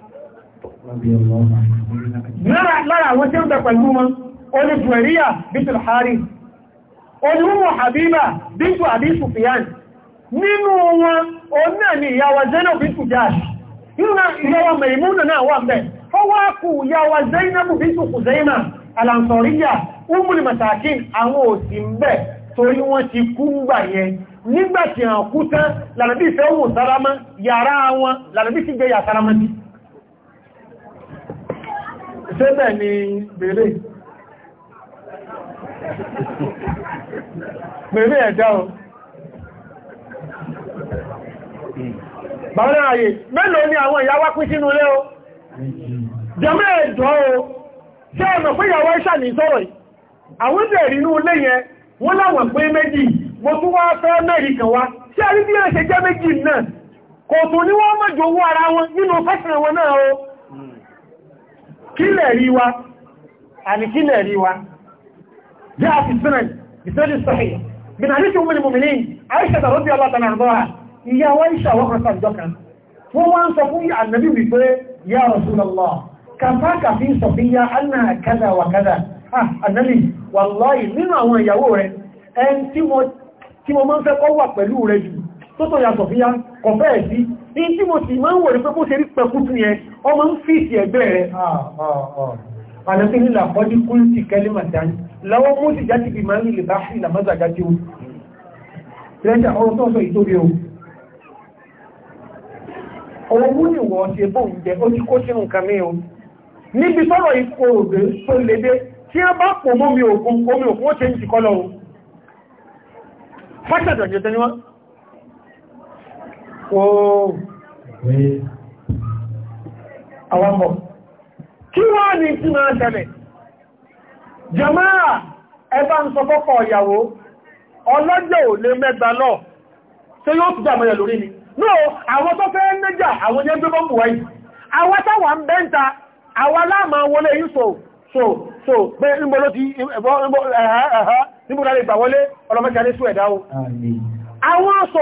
lára àwọn tí ó bẹ pẹ̀lú wọn olú juwẹ̀ríyà bíntù Harith olúmù Habiba bíntù Abi Sufyan nínú wọn òun náà ni ìyàwó Zainab bíntù Jahsh nínú ìyàwó Maimuna náà wà mẹ́ fọwọ́kù ìyàwó Zainab bíntù Khuzaima alansoriya umuli matakin àwọn òsì ń bẹ torí wọ́n ti kú ń gbà yẹn nígbàtí àkútán lànàbí ìfẹ́ òun sáramá yàrá wọn lànàbí ti jẹ yà sáramá ti Ṣébẹ̀ ni bèèrè. Bèèrè ẹ̀dá o. Bàbá ààyè, mélòó ni àwọn ìyá wa pín sínú ilé o? Jẹ́mẹ́ ẹ̀dọ́ o, ṣé ọ̀nà pé ìyàwó ìṣà ní sọ́rọ̀ yìí? yẹn, wọ́n láwọn pé méjì, mo tún wá fẹ́ wá. jẹ́ méjì náà? Kò tún ara wọn nínú wọn náà o. kílẹ̀ rí wa àní kílẹ̀ rí wa jẹ́ àti sinan ìtọ́jú sọ́hìn bin àríkì umu ni mùmìnì Aisha tàbí ọdí ọlọ́ta náà rọ́ra ìyá wa Aisha wọ́n kọ̀ọ̀sán jọ́kan wọ́n wá ń sọ fún ànàbí wípé ya Rasulullah kàfáàkà fi sọ fi ya anna kada wa kada ah ànàbí wallahi nínú àwọn tí mo máa ń fẹ́ kọ́ wà pẹ̀lú rẹ̀ jù tó tó ya sọ fi sí in tí mo sì máa ń wò ní pé kó ṣe rí pẹkútù yẹn ọmọ ń fi ìsì ẹgbẹ́ rẹ̀ ah, ah, ah. àlọ́sí nílà ọdí kúrú ti kẹ́lé màdání lọ́wọ́ mú sì jáde bí máa ń lè bá sí ìlàmọ́sà o rẹ́jà ọrọ̀ tó sọ ìtórí o ọwọ́ mú ní wọ́ ṣe bó ń jẹ ti kó sínú nǹkan mi o níbi sọ́rọ̀ ipò òde tó le dé tí wọ́n bá pò mọ́ mi òkun omi òkun ó ooo àwọn ọmọ kí wọ́n ní tí máa tẹ̀lẹ̀ Jamaa ẹbá ń sọ fọ́kọ̀ ìyàwó ọlọ́jọ́ ò lè mẹ́gbà lọ tí yóò lórí ni N'o àwọn tó fẹ́ nẹ́jà àwọn yẹn gbébọ́ mú wáyé àwọn táwà so so so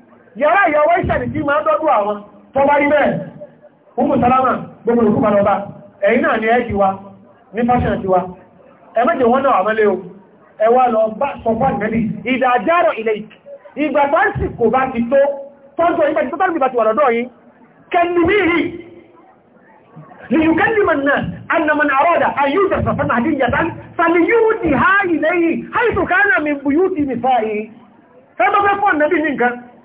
yàrá ìyàwó ìṣẹ̀lì tí máa dọ́dọ̀ àwọn tó bá rí bẹ́ẹ̀ ọmọ sálámà gbogbo òkú balọba ẹ̀yìn náà ni ẹ́ ti ní fashion ti wa ẹ mẹ́jẹ̀ wọ́n náà àmẹ́lẹ́ o ẹ wá lọ bá sọpá nẹ́bí ìdájárọ̀ ilẹ̀ ìgbà bá sì kò bá ti tó tọ́jọ́ ìgbà tó tọ́jọ́ ìgbà ti wà lọ́dọ̀ yìí kẹ́lú mìírí ليكلم الناس أن من أراد أن يوجد صفا هدية فليودها إليه حيث كان من بيوت نسائه فما بيقول النبي منك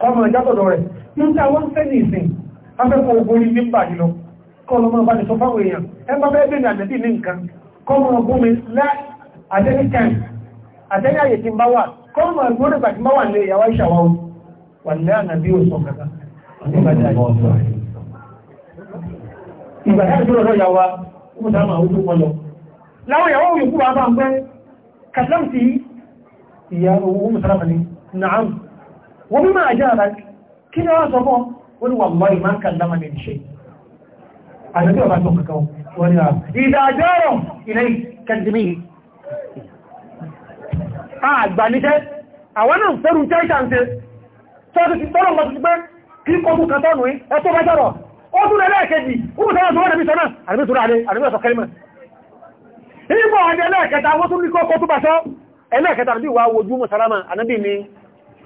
kọmọ ìjátọ̀dọ̀ rẹ̀ ní tí àwọn fẹ́ ní ìsìn afẹ́fẹ́ ogorí nígbà nílọ kọlọmọ bá ti sọ fáwọn èèyàn ẹgbà bẹ́ẹ̀ bẹ́ẹ̀ àjẹ́dì ní nǹkan kọmọ ọgbọ́mi àtẹ́yàyè ti bá wà kọmọ ìgbónìgbà ti bá wà ní ìyàwó ìṣàwọ́ wà ní ànàbí ò sọ kàkà ìgbà tí a jẹ́ wọ́n mímọ̀ àjá ara kí ni wọ́n sọ fún wọn wà mọ́ ìmá ń kàlámà ní ìṣe àdàbí ọba tó kankan wọ́n ni wà ìdájọ́rọ̀ ilẹ̀ kẹndìmí àgbàníṣẹ́ àwọn náà fẹ́rù tẹ́ ìṣàǹṣe tọ́jú ti tọ́rọ mọ́ ti gbé kí kọjú kan tọ́nu ẹ̀tọ́ bá jọ́rọ̀ ó tún lẹ́lẹ́ẹ̀kejì ó tún sọ́wọ́ sọ́wọ́ nàbí sọ́nà àdàbí sọ́rọ̀ àdé àdàbí ọ̀sọ̀ kẹrìmọ̀ nígbà ọ̀dẹ̀ ẹlẹ́ẹ̀kẹta wọ́n tún ní kọ́kọ́ tó bá sọ́ ẹlẹ́ẹ̀kẹta nàbí wà wojú mọ̀ sáramà ànábì ni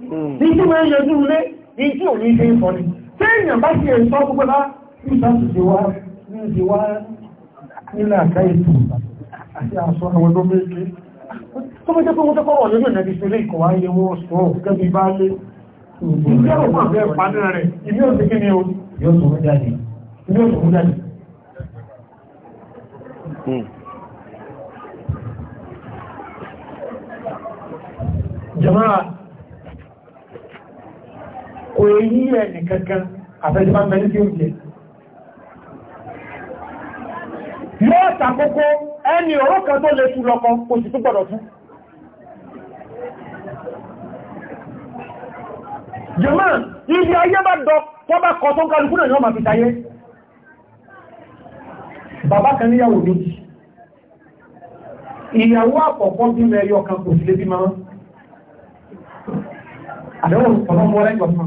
ní tí wọ́n yẹjú ilé ní tí ò ní ṣe ń sọ ni tí èèyàn bá ṣe ẹ̀sọ́ gbogbo bá ní ìsàtúnṣe wá ní ìṣe wá nílẹ̀ àká ètò àti àṣọ àwọn ọdún méje tó bá jẹ́ pé wọ́n tẹ́kọ̀ wọ̀ lórí ọ̀nà ìṣẹ̀lẹ̀ ìkọ̀ wá yẹ wọ́n sọ gẹ́bí bá lé ìṣẹ́ ọ̀pọ̀ àbẹ́ ìpàdé rẹ̀ ìbí òsì kí ni o yóò tó mú jáde yóò jama'a kò èyí ẹni kankan àfẹ́síwá mẹ́rin tí ó jẹ yóò tàkókó ẹni ọ̀rọ̀ kan tó lè tú lọ́kọ kò sì tó gbọ́dọ̀ fún jẹ́mọ́ ilé ayé bá dọ tọ́bá kọ tó ń kálukú náà yọ́ ma fi tayé bàbá ọ̀nà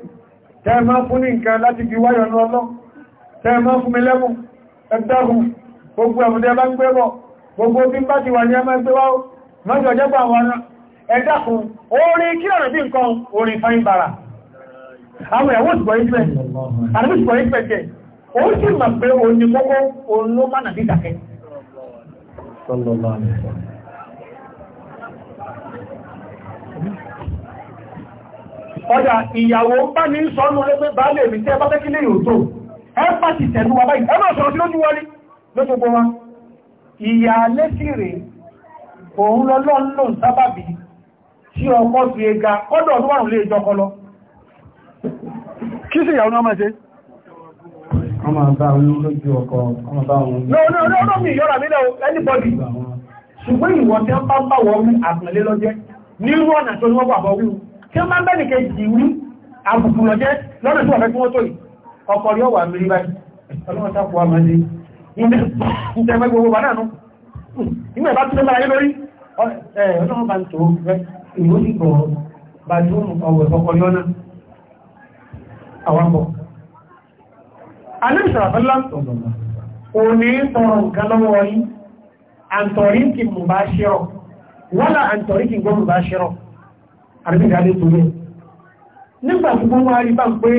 tẹ́ máa fún ní nǹkan láti fi wáyọ̀ ní ọlọ́ tẹ́ máa fún mi lẹ́bùn ẹgbẹ́rún gbogbo ẹ̀mùdẹ́ bá ń gbẹ́bọ̀ gbogbo bí bá ti wà ní ẹmẹ́ gbẹ́wọ́ mọ́jọ jẹ́gbà wọn ẹ̀dàkùn orin kí ọ̀rẹ́ bí nǹkan orin fáyín bara àwọn ẹ̀wọ́ ìgbọ̀ ìgbẹ̀ àdúgbò jẹ́ ó sì ọjà ìyàwó bá ní sọ́nù lẹ́gbẹ́ bá lè rí tẹ́ bá tẹ́kí lè yóò tó ẹ tẹ̀lú wa báyìí ẹ máa sọ̀rọ̀ sí lójú wọlé lójúgbọ́ wa ìyà lẹ́sì òun lọ́lọ́lọ́ sábàbí tí ọkọ fi ega kọ́dọ̀ ọdún márùn lè kí wọ́n máa ń bẹ́ẹ̀lì kejì wí àbùkù lọ́jẹ́ lọ́nà tí wọ́n fẹ́ kí wọ́n tó yìí ọkọ̀ rí ọwà mìírí báyìí ọlọ́run sápò wà máa ń dé ìtẹ́gbẹ́ gbogbo wà náà nù ìmọ̀ ìbá tún lọ́la yé lórí ọlọ́run bá ń tó rẹ ìlú ìbọ̀ àrẹ́bìnrin alẹ́ tó yẹ nígbà tí wọ́n wá rí bá ń pé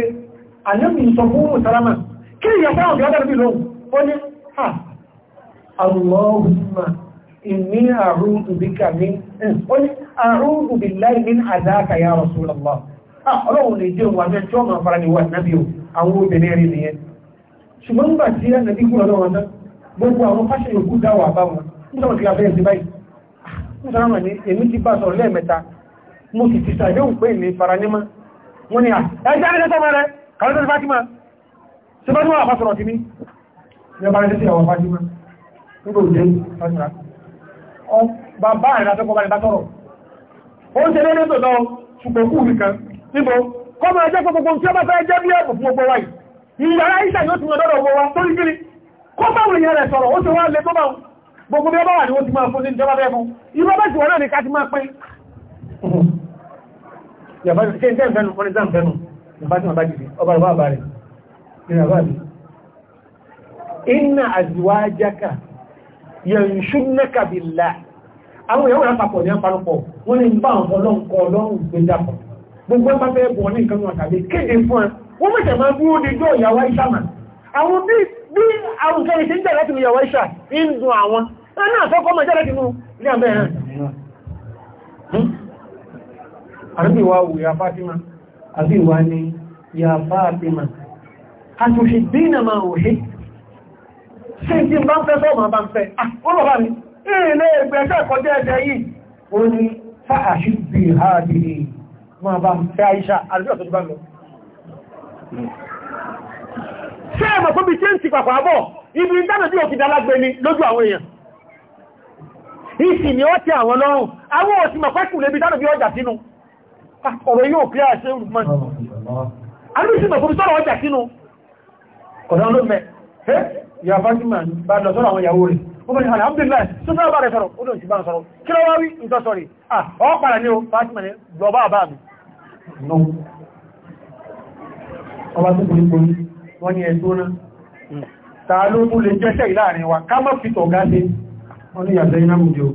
àlẹ́bìn sọ fún òun sáramà kí èèyàn fáwọn ó ní ha Allahumma inni a'udhu bika min ó ní a'udhu billahi min adhaka ya Rasulullah ọlọ́run lè jẹ́ òun àjẹ́jọ́ ọmọ afárá ni wà nábì o àwọn obìnrin rí nìyẹn ṣùgbọ́n nígbà tí ẹnàbí kúrò lọ́wọ́ náà gbogbo àwọn fáṣẹ̀ yòókù dáwà bá wọn nígbà tí ah, a fẹ́ mo sì ti sàdéhùn pé ní faranímá wọ́n ni à ẹjẹ́ ní tẹ́tọ́ ah, mẹ́rẹ kàrẹ́ tẹ́tẹ́ fátímà ṣe bá ní wọ́n àpásọ̀rọ̀ ti ní ẹbá rẹ̀ tẹ́tẹ́ àwọn fátímà nígbò jẹ́ fátímà bàbá rẹ̀ látọ́kọ́ bá ní bátọ́rọ̀ ó ń ṣe lẹ́lẹ́ tó lọ ṣùgbọ́n kú nìkan níbo kọ́ máa jẹ́ gbogbo tí ó bá fẹ́ jẹ́ bí ẹ̀bùn fún gbogbo wa yìí yàrá ìṣà yóò ti ọdọ́rọ̀ owó wa tó ní kiri kó bá wù ìyẹn rẹ̀ sọ̀rọ̀ ó ṣe wá lè tó bá gbogbo bí ọba wà ní wọ́n ti máa fún ní yàbá ti ṣe ìfẹ́nu fún ìzá ìfẹ́nu yàbá tí wọ́n bá jìdí ọba ìwà àbá rẹ̀ yàbá mi inna azwajaka yanshunaka billah àwọn ìyàwó rẹ̀ papọ̀ ní àparapọ̀ wọ́n ní bá àwọn ọlọ́nkọ ọlọ́run gbé dàpọ̀ gbogbo ẹgbà fẹ́ bọ̀ ní nǹkan wọn tàbí kéde fún ẹ wọ́n mẹ́tẹ̀ máa dúró de jọ ìyàwó Aisha mà àwọn bí bí àwọn kẹrin ti ń jẹ́ láti ìyàwó Aisha ń dun àwọn ẹ náà fọ́kọ́ mọ̀ jẹ́ láti mú ilé àbẹ́ ẹ̀rẹ́ àrẹ́bì wa wù ya Fátímà àbí wa ni ya Fátímà àtúnṣì dínà máa wù hí ṣe tí bá ń fẹ́ sọ ma bá ń fẹ́ ọlọ́bà mi ilé ẹgbẹ̀ẹ́sẹ̀ kọjá ẹ̀jẹ̀ yìí ó ní fáàṣì bí ha bí máa bá ń fẹ́ àìṣà àrẹ́bì ọ̀tọ́ bá ń ti ìsìn ni ó ti àwọn lọ́rùn àwọn òsìmọ̀ pẹ́kù lè bí ìdáná ọjà sínú Ah, ọ̀rọ̀ yóò kí àṣẹ olùmọ́n alúṣìmọ̀ fún sọ́rọ̀ ọjà sínú kọ̀dá ló mẹ́ ẹ́ ìyá fásitìmọ̀ bá lọ sọ́rọ̀ àwọn ìyàwó rẹ̀ ó bẹ̀rẹ̀ alhamdulillah tó sọ́rọ̀ bá rẹ̀ sọ́rọ̀ ó lọ sí bá ń sọ́rọ̀ kí lọ́wọ́ wí ìtọ́ sọ́rọ̀ ah ọ́ padà ní o fásitìmọ̀ ní lọ́bá àbá mi ọba tó kò ní kò ní wọ́n ní ẹ̀tọ́ náà hmm. ta ló mú lè jẹ́ṣẹ́ ìláàrin wa ká mọ́ fìtọ̀ gáde wọ́n ní yàtọ̀ iná mú jẹ́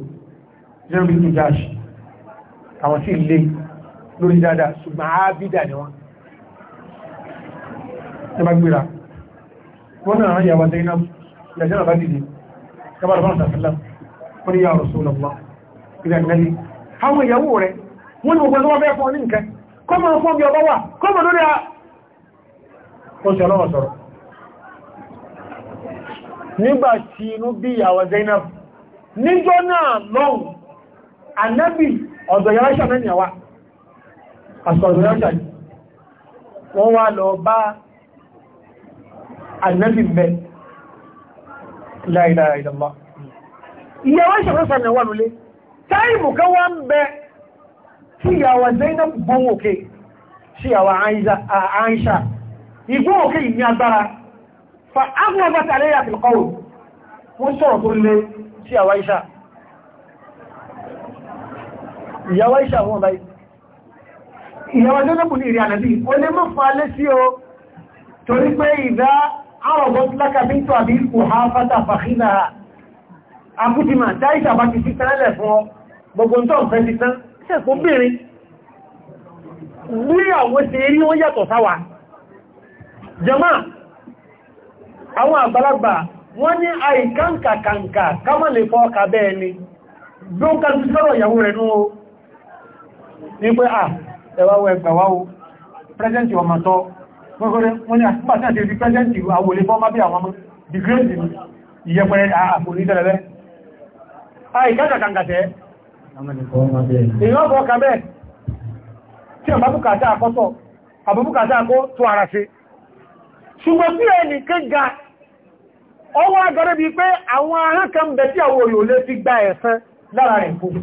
o jẹ́ lórí dáadáa ṣùgbọ́n àábídà ni wọ́n ẹgbà gbéra wọ́n náà yàwà dẹ́gbà ìyàjẹ́ àbá dìde kábàrà bá ṣàfẹ́lá wọ́n ni yàwà rọ̀sọ́ lọ́wọ́ ìrìn àgbẹ́lẹ́ àwọn ìyàwó rẹ̀ wọ́n ni gbogbo ọmọ ẹ̀fọ́ ní nǹkan kọ́mọ fún bí ọba wà kọ́mọ lórí a oṣù ọlọ́wọ́ sọ̀rọ̀ àṣọ̀rọ̀lọ́jà wọ́n wá lọ bá annabi mẹ́ láìláà ìdàmà ìyàwó ìṣẹ̀rọ̀sọ̀ ni wà lólé táìmù kan wá ń bẹ tí ìyàwó Zainab gbọ́n òkè sí ìyàwó Aisha ìgbọ́n òkè ìní agbára fa agbọ́gbà tààrẹ àtìlkọ́wò wọ́n sọ̀rọ̀ tó báyìí ìyàwó jẹ́nàbù ní ìrìn ànàbí o lè mọ́ fà lé sí o torí pé ìdá àrọ̀bọ̀ lákà bí tó àbí kò ha fátà fàkínà àbújìmà dáìsà bá ti sítan lẹ̀ fún ọ gbogbo tó ń fẹ́ sítan sẹ́kù ni bí ó kájú sọ́rọ̀ ìyàwó ẹwàwọ̀ ẹgbàwàwọ̀ pẹ́sẹ̀ntì ọmọ sọ gbogbo wọ́n ni àpàtí àti ibi pẹ́sẹ̀ntì àwòlé fọ́má bí àwọn ọmọ the great ìlú ìyẹpẹrẹ àpòlí tẹ́lẹ̀lẹ́ àìkẹ́kẹ́ kàǹgàtẹ́ ìyọ́bọ̀ kàbẹ́ tí ọmọ bùkàtà àkọ́tọ̀ àbúbùkàtà àkọ́ tó ara ṣe ṣùgbọ́n tí ẹnì kéga ọwọ́ agọ́rẹ́ bí pé àwọn arán kan bẹ̀ tí àwọn òyò lè fi gba ẹ̀san lára rẹ̀ fún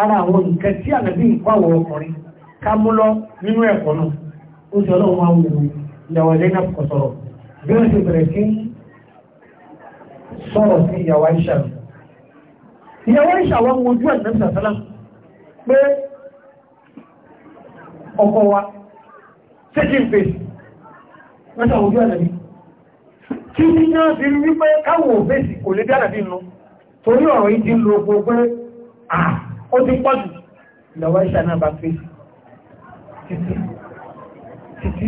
ara àwọn nǹkan tí ànàbí ìpáwọ̀ ọkùnrin ká mú lọ nínú ẹ̀kọ́ náà ó sì ọlọ́run máa wù ìyàwó ẹ̀lẹ́nà kò sọ̀rọ̀ bí wọ́n ti bẹ̀rẹ̀ sí sọ̀rọ̀ sí ìyàwó àìṣà ìyàwó àìṣà wọn mú ojú ẹ̀sẹ̀ sàtánà pé ọkọ wa taking place wọ́n sàwọn ojú ànàbí ó ti pọ̀ jù lọ́wọ́ ìṣà náà bá pé títí títí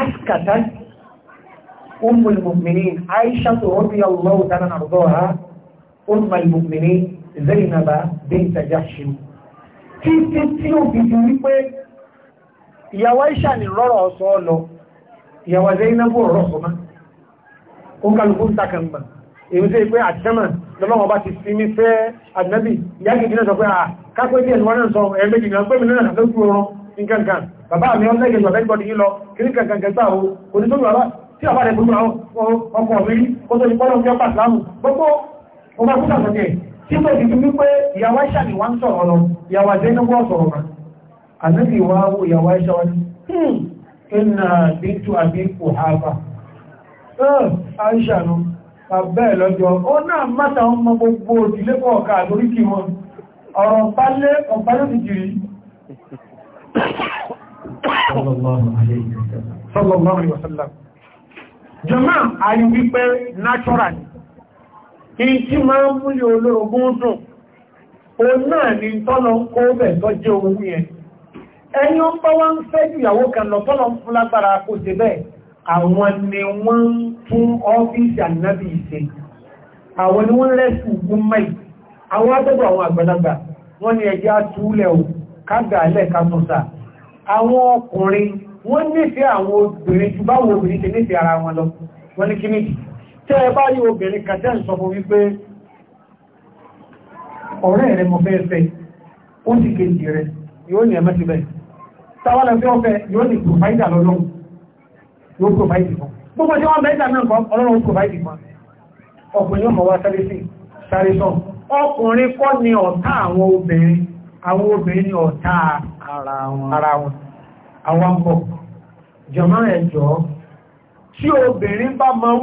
áṣkàtà أم المؤمنين عائشة رضي الله تعالى عنها أم المؤمنين Zainab bint Jahsh tí tí tí ó fi fi wípé ìyàwó Aisha ni rọ́rọ̀ ọ̀sọ́ ọlọ ìyàwó Zainab rọ̀ ọ̀sọ́ má ó kàlùkù ń takàmbà èyí tó yẹ pé àtẹ́mà lọ́lọ́wọ́ bá ti fi mí fẹ́ àdínábì yáàkì náà sọ pé à kápẹ́ tí ẹ̀sùn náà sọ ẹ̀ẹ́mẹ́jì náà pẹ́ mi náà sọ fún oorun nǹkankan bàbá mi ọ́n lẹ́gẹ̀ẹ́ ìwàfẹ́ gbọ́dì yìí lọ kiri kankan kẹta o kò ní sóbi wàhálà tí àbá rẹ̀ gbogbo ọkọ̀ mi rí ó tó ní pọ́lọ́ ní ọpá ìsìlámù gbogbo ọba kúta sọ̀tẹ̀ tí mo ti fi mí pé ìyàwó àṣà ni wọ́n sọ̀rọ̀ lọ ìyàwó àṣà inú wọ́n sọ̀rọ̀ mà ànábì wa wo ìyàwó àṣà wa ní ẹnà bíntu àbí kò hábà ẹ̀ àṣà náà bẹ́ẹ̀ lọ́jọ́ ó náà mátà ọmọ gbogbo òdílé kọ̀ọ̀ká àtorí kí wọn ọ̀rọ̀ pálé ọ̀pálé ti jìrì sallallahu alaihi wasallam jọmọ́ àrí wípé natural ni kí tí o náà ni tọ́lọ kó bẹ̀ tọ́ jẹ́ ohun yẹn ẹni ó bá wá ń fẹ́ jù ìyàwó kan lọ tọ́lọ fún lágbára kò fún ọ́fíìsì ànábì Ise, àwọn ni wọ́n rẹ́sù gún mẹ́ àwọn àtọ́gbọ̀ àwọn àgbàlagbà wọ́n ní ẹjẹ́ àtúlẹ̀ ò kágbàálẹ̀ kásọ̀sà àwọn ọkùnrin wọ́n nífẹ̀ẹ́ àwọn obìnrin jù obìnrin ti nífẹ̀ẹ́ ara wọn lọ wọ́n ní kíní tẹ́ ẹ bá rí obìnrin kàtẹ́ wípé ọ̀rẹ́ rẹ gbogbo ọjọ́ wọ́n bẹ̀rẹ̀ ìjà kan ọlọ́run provide ìpá ọkùnrin ọmọ wa sáré sí sáré ọkùnrin kọ́ ni ọ̀tá àwọn obìnrin àwọn obìnrin ni ọ̀tá ara wọn àwọn bọ jọmọ Ẹjọọ tí obìnrin bá máa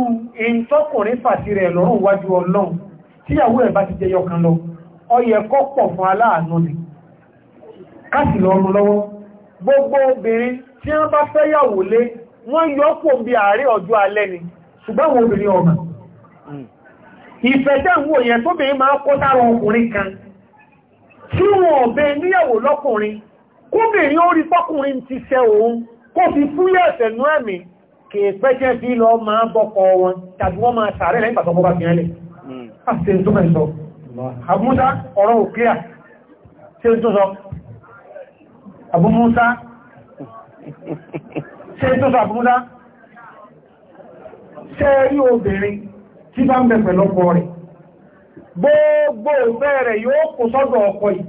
fàtí rẹ̀ lọ́rùn wájú ọlọ́run tíyàwó ẹ̀ bá ti jẹyọ kan lọ ọyẹ fún ni káàsì lọ́rùn gbogbo obìnrin tí wọ́n bá wọ́n yọ pò bí ààrẹ ọjọ́ alẹ́ ni ṣùgbọ́n wọn obìnrin ọmọ hmm. ìfẹ̀jẹ́ ìwò yẹn tó bèé máa kó sára ọkùnrin kan tí wọn ọ̀bẹ níyàwó lọ́kùnrin kóbìnrin ó rí pọ́kùnrin ti ṣẹ òun kó fi fúyẹ́ ẹ̀sẹ̀ nú ẹ̀mí kèèpẹ́jẹ́ bí lọ máa bọ́kọ wọn tàbí wọ́n máa sàárẹ̀ lẹ́yìn pàtàkọ́ bá ṣe tó sàbúrúdá ṣe rí obìnrin tí bá ń bẹ pẹ̀lú ọkọ rẹ̀ gbogbo ìfẹ́ rẹ̀ yóò kò sọ́dọ̀ ọkọ yìí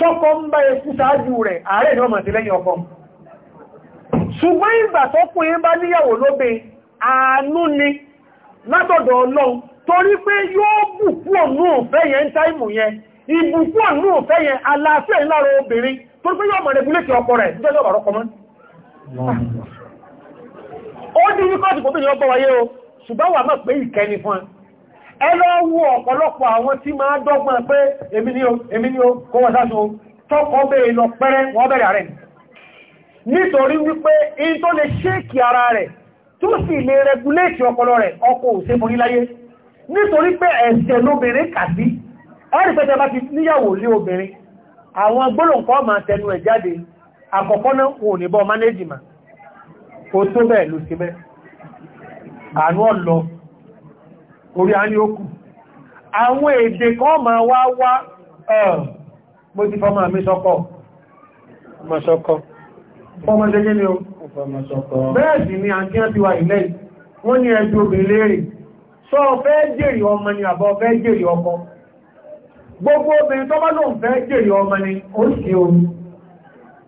tọ́kọ ń bá ikú sáájú rẹ̀ ààrẹ ni wọ́n mọ̀ sí lẹ́yìn ọkọ ṣùgbọ́n ìgbà tọ́kùnrin bá níyàwó lóbe àánú ni látọ̀dọ̀ ọlọ́run torí pé yóò bùkú ọ̀nú òfẹ́ yẹn táìmù yẹn ìbùkú ọ̀nú òfẹ́ yẹn aláfẹ́ tó pé yọ́ mọ̀ rẹ̀gúlétì ọkọ rẹ̀ jẹ́ ọ̀rọ̀ ọkọ mọ́ ó dí ní kọ́ọ̀tù kòtò yọ́ bọ́wayé o ṣùgbọ́n wà mọ́ pé ìkẹni fún ẹ lọ wo ọ̀pọ̀lọpọ̀ àwọn tí máa dọ́gbọ́n pé èmi ni o èmi ni o kó wọ́n sáṣọ tọ́kọ́ bẹ́ẹ̀ lọ pẹ́rẹ́ wọ́n bẹ̀rẹ̀ rẹ̀ nítorí wípé in tó àwọn gbólóǹkọ́ ma tẹnu ẹ̀ jáde àkọ́kọ́ náà wò ní bọ́ mánéjì ma ó tó bẹ́ẹ̀ ló sí bẹ́ẹ̀ àánú ọ̀lọ orí àní okù àwọn èdè kan ma wá wá mo ti fọ́mọ́ àmì sọ́kọ́ mọ́sọ́kọ́ fọ́mọ́ jẹ́jẹ́ ni ó bẹ́ẹ̀ sì ni àti àti wà ilẹ̀ wọ́n gbogbo obìnrin tó bá ló ń jèrè ọmọ ni ó sì omi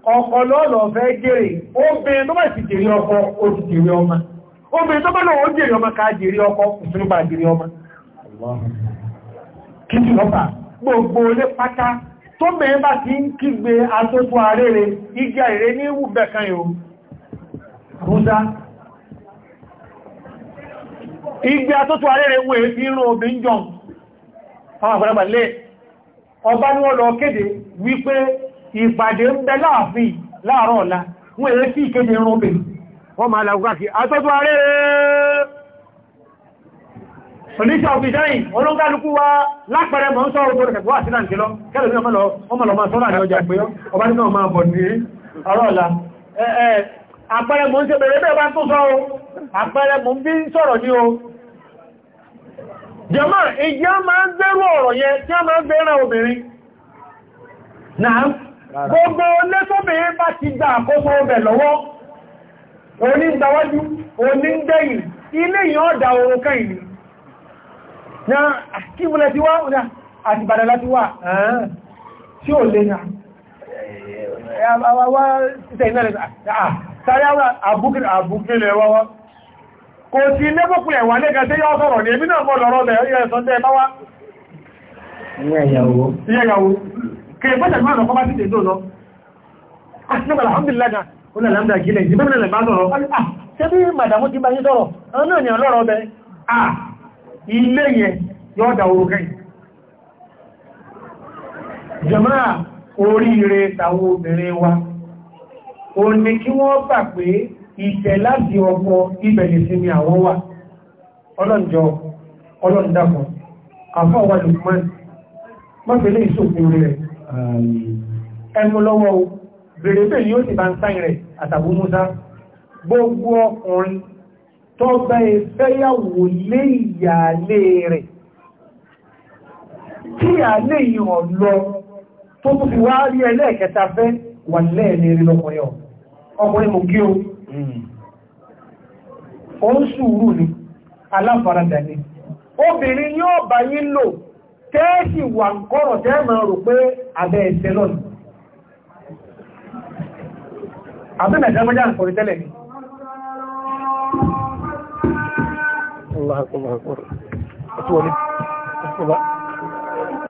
ọkọ fẹ́ jèrè obìnrin tó bá sì jèrè ọkọ ó sì jèrè ọmọ obìnrin tó bá ó ọmọ jèrè ọkọ òsìnúbà jèrè ọmọ kí tí ọba gbogbo olé pátá tó mẹ́rin bá ti ń kígbe atótó arére igi igbe atótó èé fi ń ọba ní ọlọ kéde wípé ìpàdé ń bẹ láàfin láàárọ̀ ọ̀la wọ́n èé sí ìkéde rọ́bẹ̀ wọ́n máa làgbàkì àtọ́jú ààrẹ oníṣẹ́ ọ̀fíṣẹ́yìn olóńgálukú wa lápẹẹrẹ mọ̀ ń sọ ọ̀rọ̀ tó rẹ̀ sílá nìkẹ́lọ́ kẹ́lẹ̀ ní ọmọ lọ máa sọ́lá ní ọjà bẹ́ẹ̀ bá tó sọ ní o jẹmọ́ ìjẹ́ máa ń bẹ̀rù ọ̀rọ̀ yẹn tí a máa ń bẹ̀rẹ̀ obìnrin náà gbogbo lẹ́sọ́bìnrin bá ti gba àkóso ọbẹ̀ lọ́wọ́ oní gbáwájú oní gbẹ̀yìn ilé yàn ọ̀dà oòrùn na kíbulẹ̀ ti wá àti láti wà lè náà kò sí lẹ́bùkún ẹ̀wà lẹ́gẹ̀ tí yọ́ sọ̀rọ̀ ní ẹbí náà mọ́ lọ́rọ̀ lẹ́ yọ ẹ̀sọ́ tẹ́ bá wá ìyẹ̀yàwó kèrè pẹ́sẹ̀ máa lọ́kọ́ bá sí tètò lọ asínúgbà ah, alhamdulillah ó lè lámdà gílẹ̀ ìdíbẹ̀rẹ̀ lè bá sọ̀rọ̀ ah, ṣe bí màdàmú ti bá yí sọ̀rọ̀ ọ̀nà náà ni ọlọ́rọ̀ ọbẹ̀ à ah, ilé yẹn yọ́ da orúkẹ́ jàmáà oríire tàwọn obìnrin wa ó ní kí wọ́n gbà pé ìtẹ̀ láti ọgbọ́ ibẹ̀lẹ̀ sí ni àwọn wà ọlọ́njọ́ ọlọ́ndàmọ̀ àfáwà lukman mọ́fẹ́lẹ́ ìṣòfin rẹ̀ ẹmú lọ́wọ́ o bèrèbè yóò ti bá ń sáyìn rẹ̀ àtàbù Musa gbogbo ọkùnrin tó bá ẹ e fẹ́yàwó lé ìyàlé rẹ̀ tí ìyàlé yìí ọ̀ lọ tó tó fi wá rí ẹlẹ́ẹ̀kẹta fẹ́ wà lẹ́ẹ̀lẹ́ rí lọ́kùnrin ọkùnrin mú kí o ó ń sùúrù ala aláfaradà ni obìnrin yóò bá yín lò tẹ́ẹ̀sì wà ń kọ́rọ̀ tẹ́ẹ̀ máa rò pé abẹ́ ẹsẹ̀ lọ́nà